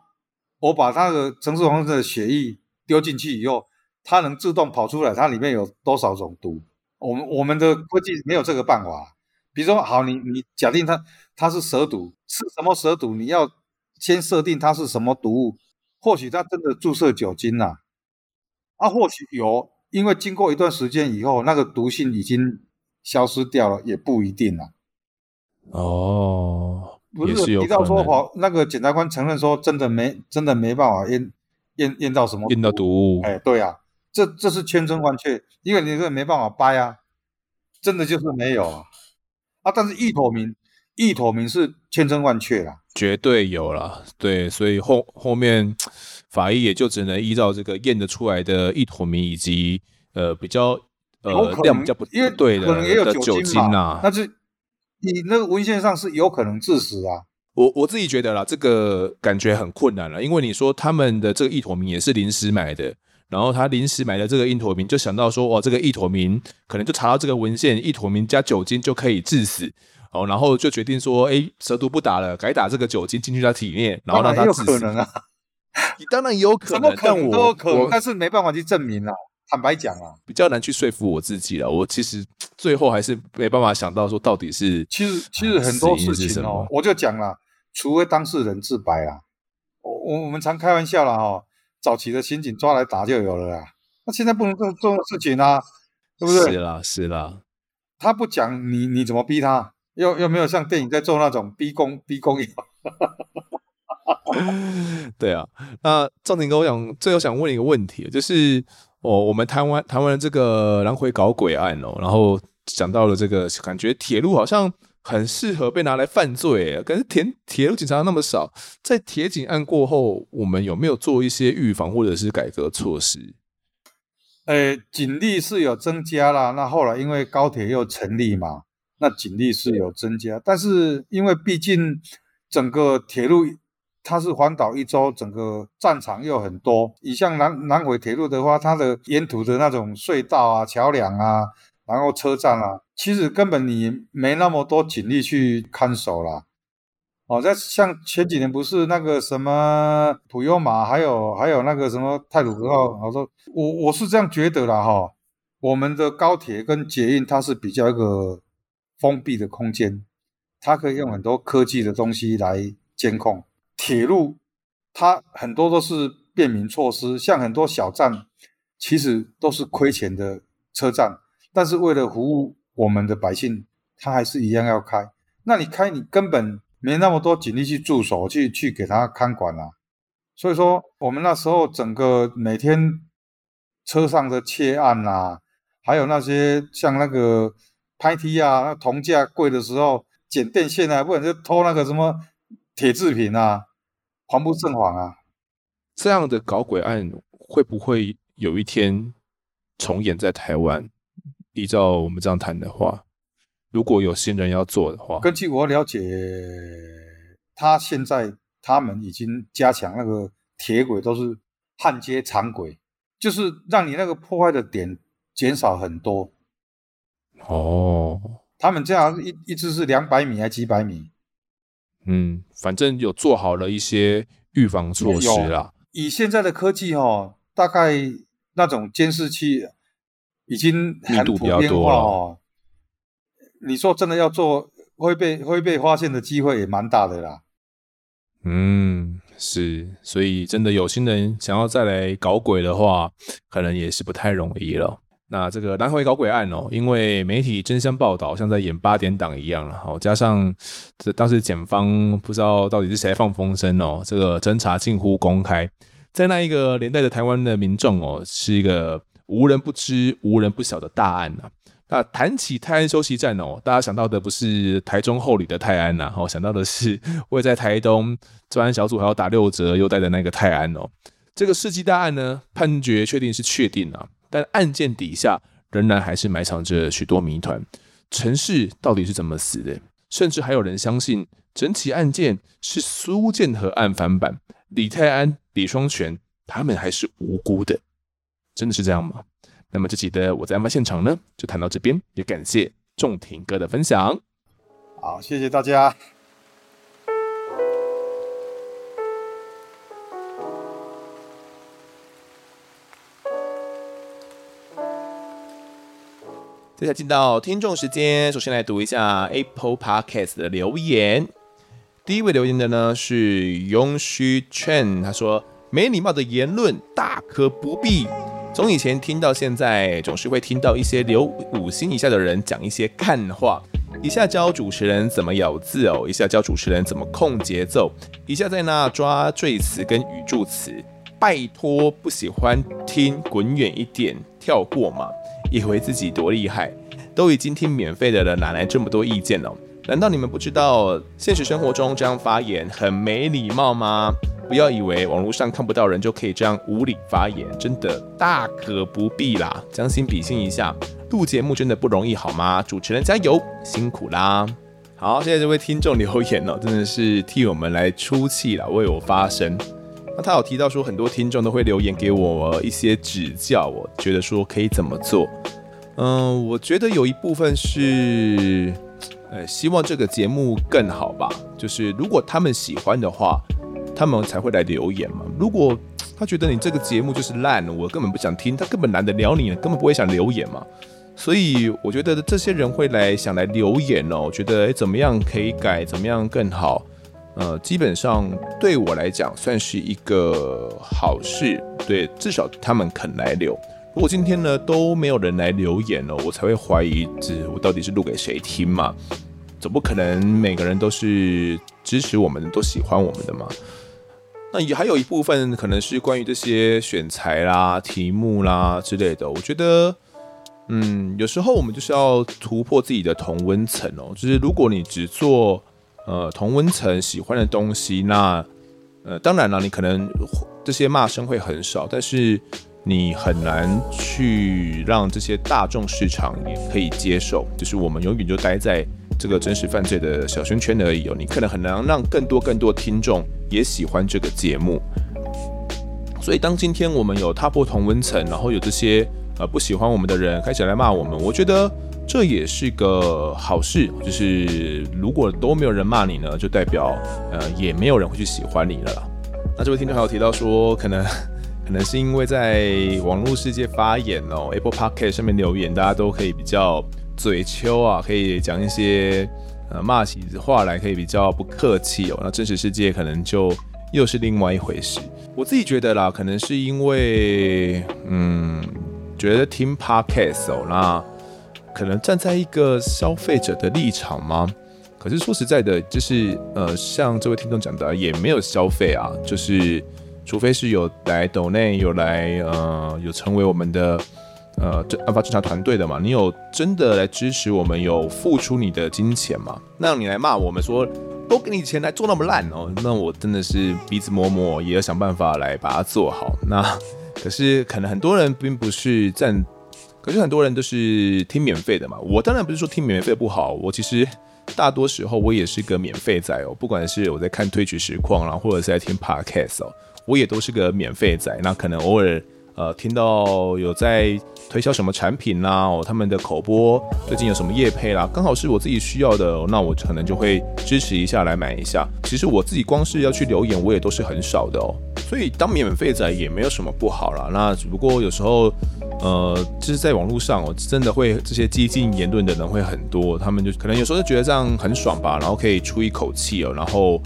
我把它的陳世宏的血液丟進去以後，它能自動跑出來，它裡面有多少種毒？我們我們的科技沒有這個辦法。比如說，好，你你假定它它是蛇毒，是什麼蛇毒？你要先設定它是什麼毒物，或許它真的注射酒精了，啊。啊，或許有，因為經過一段時間以後，那個毒性已經消失掉了，也不一定了。哦，不是,是有提到說，話那個檢察官承認說，真的沒，真的沒辦法驗驗驗到什麼，驗到毒物。欸，對啊，這這是千真萬確，因為你這個沒辦法掰啊，真的就是沒有啊。 啊，但是意妥明意妥明是千真萬確啦絕對有了。對，所以後後面。法醫也就只能依照這個驗得出來的意妥明以及呃比較呃量比較不對的的酒精吶，但是你那個文獻上是有可能致死啊。我我自己覺得啦，這個感覺很困難了，因為你說他們的這個意妥明也是臨時買的，然後他臨時買的這個意妥明就想到說，哇，這個意妥明可能就查到這個文獻，意妥明加酒精就可以致死，然後然後就決定說，哎，蛇毒不打了，改打這個酒精進去他體內，然後讓他致死可能啊你當然有可能，什麼可能都有可能，但，但是沒辦法去證明了，坦白講啊，比較難去說服我自己了。我其實最後還是沒辦法想到說到底是。其實其實很多事情哦，我就講了，除非當事人自白了，啊，我我我們常開玩笑了哈，早期的刑警抓來打就有了啦。那現在不能做這種事情啊，是 不是？是啦是啦，他不講你你怎麼逼他？又又沒有像電影在做那種逼供逼供一樣。 對啊，那仲庭哥，我想最後想問一個問題，就是哦，我們台灣台灣這個南迴搞軌案哦，然後講到了這個，感覺鐵路好像很適合被拿來犯罪，可是鐵鐵路警察那麼少，在鐵警案過後，我們有沒有做一些預防或者是改革措施？呃、欸，警力是有增加啦。那後來因為高鐵又成立嘛，那警力是有增加，嗯、但是因為畢竟整個鐵路。它是環島一周，整個戰場又很多。你像南，南迴鐵路的話，它的沿途的那種隧道啊、橋梁啊，然後車站啊，其實根本你沒那麼多警力去看守啦。哦，那像前幾年不是那個什麼普悠瑪，還有還有那個什麼太魯閣號，我說我，我是這樣覺得啦哈、哦。我們的高鐵跟捷運它是比較一個封閉的空間，它可以用很多科技的東西來監控。鐵路它很多都是便民措施，像很多小站其實都是虧錢的車站，但是為了服務我們的百姓，它還是一樣要開。那你開你根本沒那麼多警力去駐守，去去給他看管啊。所以說，我們那時候整個每天車上的竊案啊，還有那些像那個拍梯啊、銅價貴的時候剪電線啊，或者偷那個什麼鐵製品啊。防不勝防啊！這樣的搞軌案會不會有一天重演在台灣？依照我們這樣談的話，如果有心人要做的話，根據我了解，他現在他們已經加強那個鐵軌都是焊接長軌，就是讓你那個破壞的點減少很多。哦，他們這樣一一直是兩百米還是幾百米？嗯，反正有做好了一些預防措施啦。以現在的科技哈、哦，大概那種監視器已經很普遍化哦、啊。你說真的要做，會被會被發現的機會也蠻大的啦。嗯，是，所以真的有心人想要再來搞鬼的話，可能也是不太容易了。那這個南迴搞軌案哦，因為媒體爭相報道，像在演八點檔一樣、啊、加上這當時檢方不知道到底是誰放風聲哦，這個偵查近乎公開，在那一個年代的台灣的民眾哦，是一個無人不知、無人不曉的大案吶、啊。那談起泰安休息站哦，大家想到的不是台中后里的泰安吶、啊，好想到的是位在台東專案小組還要打六折優待的那個泰安哦。這個世紀大案呢，判決確定是確定了、啊。但案件底下仍然還是埋藏着許多謎團，陳氏到底是怎麼死的？甚至還有人相信整起案件是蘇建和案翻版，李泰安、李雙全他們還是無辜的，真的是這樣嗎？那麼這期的我在案發現場呢，就談到這邊，也感謝仲庭哥的分享，好，謝謝大家。接下來進到聽眾時間，首先來讀一下 Apple Podcast 的留言。第一位留言的呢是 h 須 n 他說：“沒禮貌的言論大可不必。從以前聽到現在，總是會聽到一些留五星以下的人講一些看話。以下教主持人怎麼咬字哦，以下教主持人怎麼控節奏，以下在那抓贅詞跟語助詞。拜托，不喜歡聽，滾遠一點，跳過嘛。”以為自己多厲害，都已經聽免費的了，哪來這麼多意見呢？難道你們不知道現實生活中這樣發言很沒禮貌嗎？不要以為網絡上看不到人就可以這樣無理發言，真的大可不必啦！將心比心一下，錄節目真的不容易，好嗎？主持人加油，辛苦啦！好，謝謝這位聽眾留言哦，真的是替我們來出氣了，為我發聲。那他有提到說，很多聽眾都會留言給我一些指教，我覺得說可以怎麼做。嗯、呃，我覺得有一部分是，呃、欸，希望這個節目更好吧。就是如果他們喜歡的話，他們才會來留言嘛。如果他覺得你這個節目就是爛，我根本不想聽，他根本懶得聊你，根本不會想留言嘛。所以我覺得這些人會來想來留言哦。我覺得哎、欸，怎麼樣可以改？怎麼樣更好？呃，基本上對我來講算是一個好事，對，至少他們肯來留。如果今天呢都沒有人來留言了喔，我才會懷疑，這我到底是錄給誰聽嘛？總不可能每個人都是支持我們、都喜歡我們的嘛。那也還有一部分可能是關於這些選材啦、題目啦之類的。我覺得，嗯，有時候我們就是要突破自己的同溫層哦，就是如果你只做。呃，同溫層喜歡的東西，那呃，當然了，你可能這些罵聲會很少，但是你很難去讓這些大眾市場也可以接受。就是我們永遠就待在這個真實犯罪的小圈圈裡而已哦，你可能很難讓更多更多聽眾也喜歡這個節目。所以，當今天我們有踏破同溫層，然後有這些呃不喜歡我們的人開始來罵我們，我覺得。這也是個好事，就是如果都沒有人罵你呢，就代表呃也沒有人會去喜歡你了。那這位聽眾還有提到說，可能可能是因為在網絡世界發言哦，Apple Podcast 上面留言，大家都可以比較嘴秋啊，可以講一些呃罵起話來，可以比較不客氣哦。那真實世界可能就又是另外一回事。我自己覺得啦，可能是因為嗯，覺得聽 Podcast 哦，那。可能站在一個消費者的立場嗎？可是說實在的，就是呃，像這位聽眾講的，也沒有消費啊。就是除非是有來抖內，有來呃有成為我們的呃案發偵查團隊的嘛，你有真的來支持我們，有付出你的金錢嘛？那你來罵我們說，都給你錢來做那麼爛哦，那我真的是鼻子摸摸也要想辦法來把它做好。那可是可能很多人並不是站，可是很多人都是聽免費的嘛，我當然不是說聽免費不好，我其實大多時候我也是個免費仔哦、喔，不管是我在看 Twitch 實況啦，或者是在聽 podcast 哦、喔，我也都是個免費仔。那可能偶爾呃聽到有在推銷什麼產品啦，哦、喔、他們的口播最近有什麼業配啦，剛好是我自己需要的、喔，那我可能就會支持一下來買一下。其實我自己光是要去留言，我也都是很少的哦、喔。所以當免費仔也沒有什麼不好啦，那只不過有時候，呃，就是在網絡上哦，真的會這些激進言論的人會很多，他們就可能有時候就覺得這樣很爽吧，然後可以出一口氣哦，然後，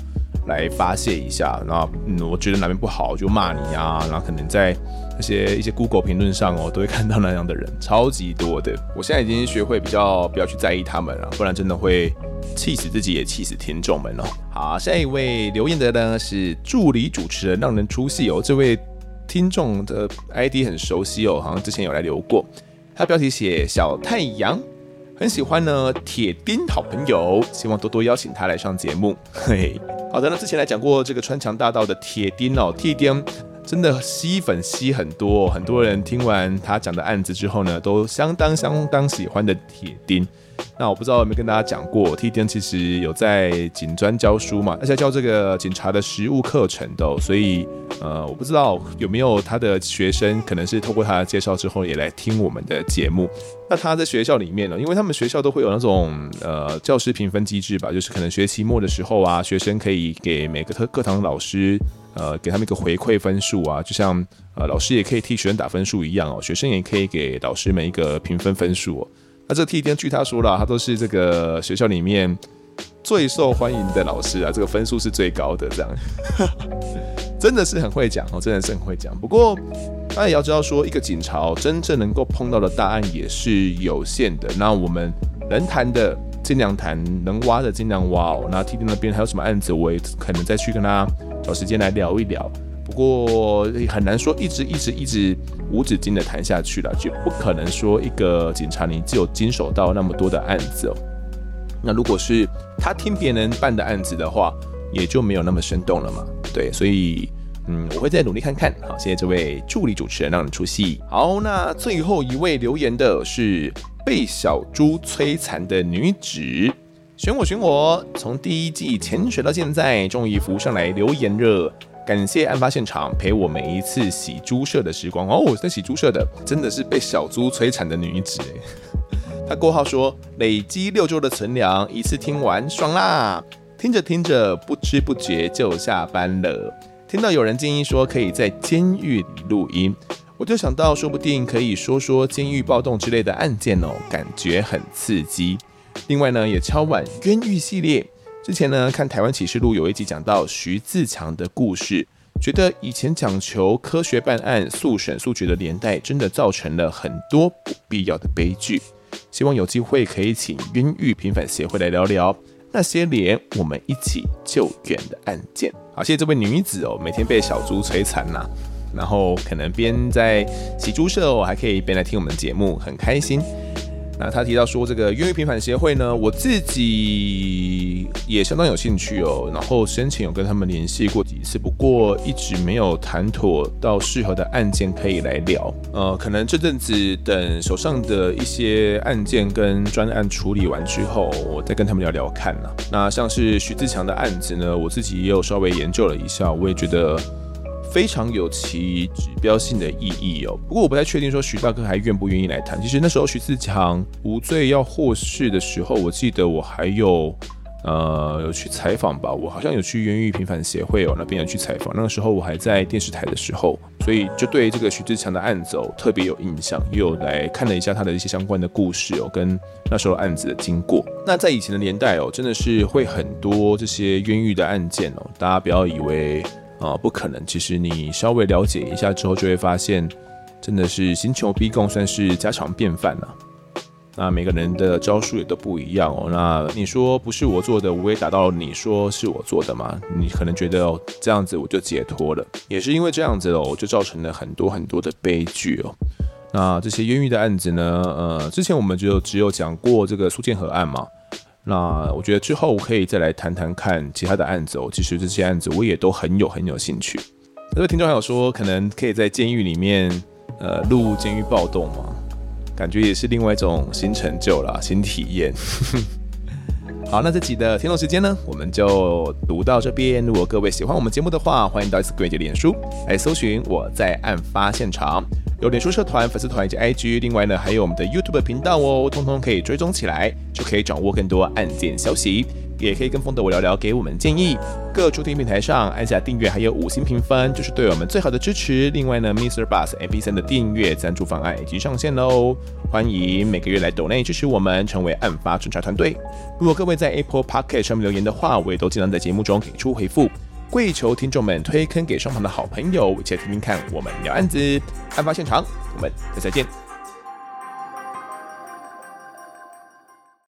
來發洩一下，然後嗯，我覺得哪邊不好就罵你啊，然後可能在那些一些 Google 評論上哦，都會看到那樣的人，超級多的。我現在已經學會比較不要去在意他們了，不然真的會氣死自己，也氣死聽眾們哦。好，下一位留言的呢，是助理主持人讓人出戲哦，這位聽眾的 ID 很熟悉哦，好像之前有來留過。他標題寫小太陽。很喜歡呢，鐵丁好朋友，希望多多邀請他來上節目。嘿，好的呢，之前來講過這個穿牆大盜的鐵丁哦，鐵丁真的吸粉吸很多，很多人聽完他講的案子之後呢，都相當相當喜歡的鐵丁那我不知道有沒有跟大家講過，Tian 其實有在警專教書嘛，而且在教這個警察的實務課程的，喔，所以呃，我不知道有沒有他的學生，可能是透過他的介紹之後也來聽我們的節目。那他在學校裡面呢，喔，因為他們學校都會有那種呃教師評分機制吧，就是可能學期末的時候啊，學生可以給每個課課堂老師呃給他們一個回饋分數啊，就像呃老師也可以替學生打分數一樣哦，喔，學生也可以給導師們一個評分分數，喔。那、啊、這 TD 據他說啦、啊，他都是這個學校裡面最受歡迎的老師啊，這個分數是最高的，這樣真的是很會講哦，真的是很會講。不過大、啊、也要知道說，一個警察真正能夠碰到的大案也是有限的。那我們能談的盡量談，能挖的盡量挖哦。那 TD 那邊還有什麼案子，我也可能再去跟他找時間來聊一聊。不過很難說，一直一直一直無止境的談下去了，就不可能說一個警察你只有經手到那麼多的案子哦、喔。那如果是他聽別人辦的案子的話，也就沒有那麼生動了嘛。對，所以嗯，我會再努力看看。好，謝謝這位助理主持人讓你出戲。好，那最後一位留言的是被小豬摧殘的女子，選我選我，從第一季潛水到現在，終於浮上來留言了。感謝案發現場陪我每一次洗豬舍的時光哦，我在洗豬舍的真的是被小豬摧殘的女子。 他過後說，累積六週的存糧，一次聽完爽啦！聽着聽着，不知不覺就下班了。聽到有人建議說可以在監獄錄音，我就想到說不定可以說說監獄暴動之類的案件哦，感覺很刺激。另外呢，也敲碗冤獄系列。之前呢，看《台灣啟示錄》有一集講到徐自強的故事，覺得以前講求科學辦案、速審速決的年代，真的造成了很多不必要的悲劇。希望有機會可以請冤獄平反協會來聊聊那些年我們一起救援的案件。好，謝謝這位女子哦，每天被小豬摧殘吶、啊，然後可能邊在洗豬舍哦，還可以邊來聽我們節目，很開心。那他提到說，這個冤獄平反協會呢，我自己也相當有興趣哦。然後先前有跟他們聯繫過幾次，不過一直沒有談妥到適合的案件可以來聊。呃，可能這陣子等手上的一些案件跟專案處理完之後，我再跟他們聊聊看吶、啊。那像是徐自強的案子呢，我自己也有稍微研究了一下，我也覺得。非常有其指標性的意義哦、喔。不過我不太確定說徐大哥還願不願意來談。其實那時候徐自強無罪要獲釋的時候，我記得我還有呃，有去採訪吧，我好像有去冤獄平反協會哦，那邊有去採訪。那個時候我還在電視台的時候，所以就對這個徐自強的案子哦、喔、特別有印象，又來看了一下他的一些相關的故事哦、喔，跟那時候案子的經過。那在以前的年代哦、喔，真的是會很多這些冤獄的案件哦、喔，大家不要以為。啊、呃，不可能！其實你稍微了解一下之後，就會發現，真的是刑求逼供算是家常便飯了、啊。那每個人的招數也都不一樣哦。那你說不是我做的，我也打到你說是我做的嘛？你可能覺得、哦、這樣子我就解脫了，也是因為這樣子哦，就造成了很多很多的悲劇哦。那這些冤獄的案子呢？呃，之前我們就只有講過這個蘇建和案嘛。那我覺得之後我可以再來談談看其他的案子哦。其實這些案子我也都很有很有興趣。那位聽眾還有說，可能可以在監獄裡面，呃，錄監獄暴動嘛，感覺也是另外一種新成就啦，新體驗。 好，那這集的聽龍時間呢，我們就讀到這邊。如果各位喜歡我們節目的話，歡迎到 Instagram、臉書來搜尋我在案發現場，有臉書社團、粉絲團以及 IG，另外呢還有我們的 YouTube 頻道哦，通通可以追蹤起來，就可以掌握更多案件消息。也可以跟豐德，我聊聊，給我們建議。各收聽平台上按下訂閱，還有五星評分，就是對我們最好的支持。另外呢，Mr. Bus MP3 的訂閱贊助方案已經上線嘍，歡迎每個月來抖內支持我們，成為案發偵查團隊。如果各位在 Apple Podcast 上面留言的話，我也都盡量在節目中給出回覆。跪求聽眾們推坑給身旁的好朋友，一起來聽聽看我們聊案子、案發現場。我們再再見。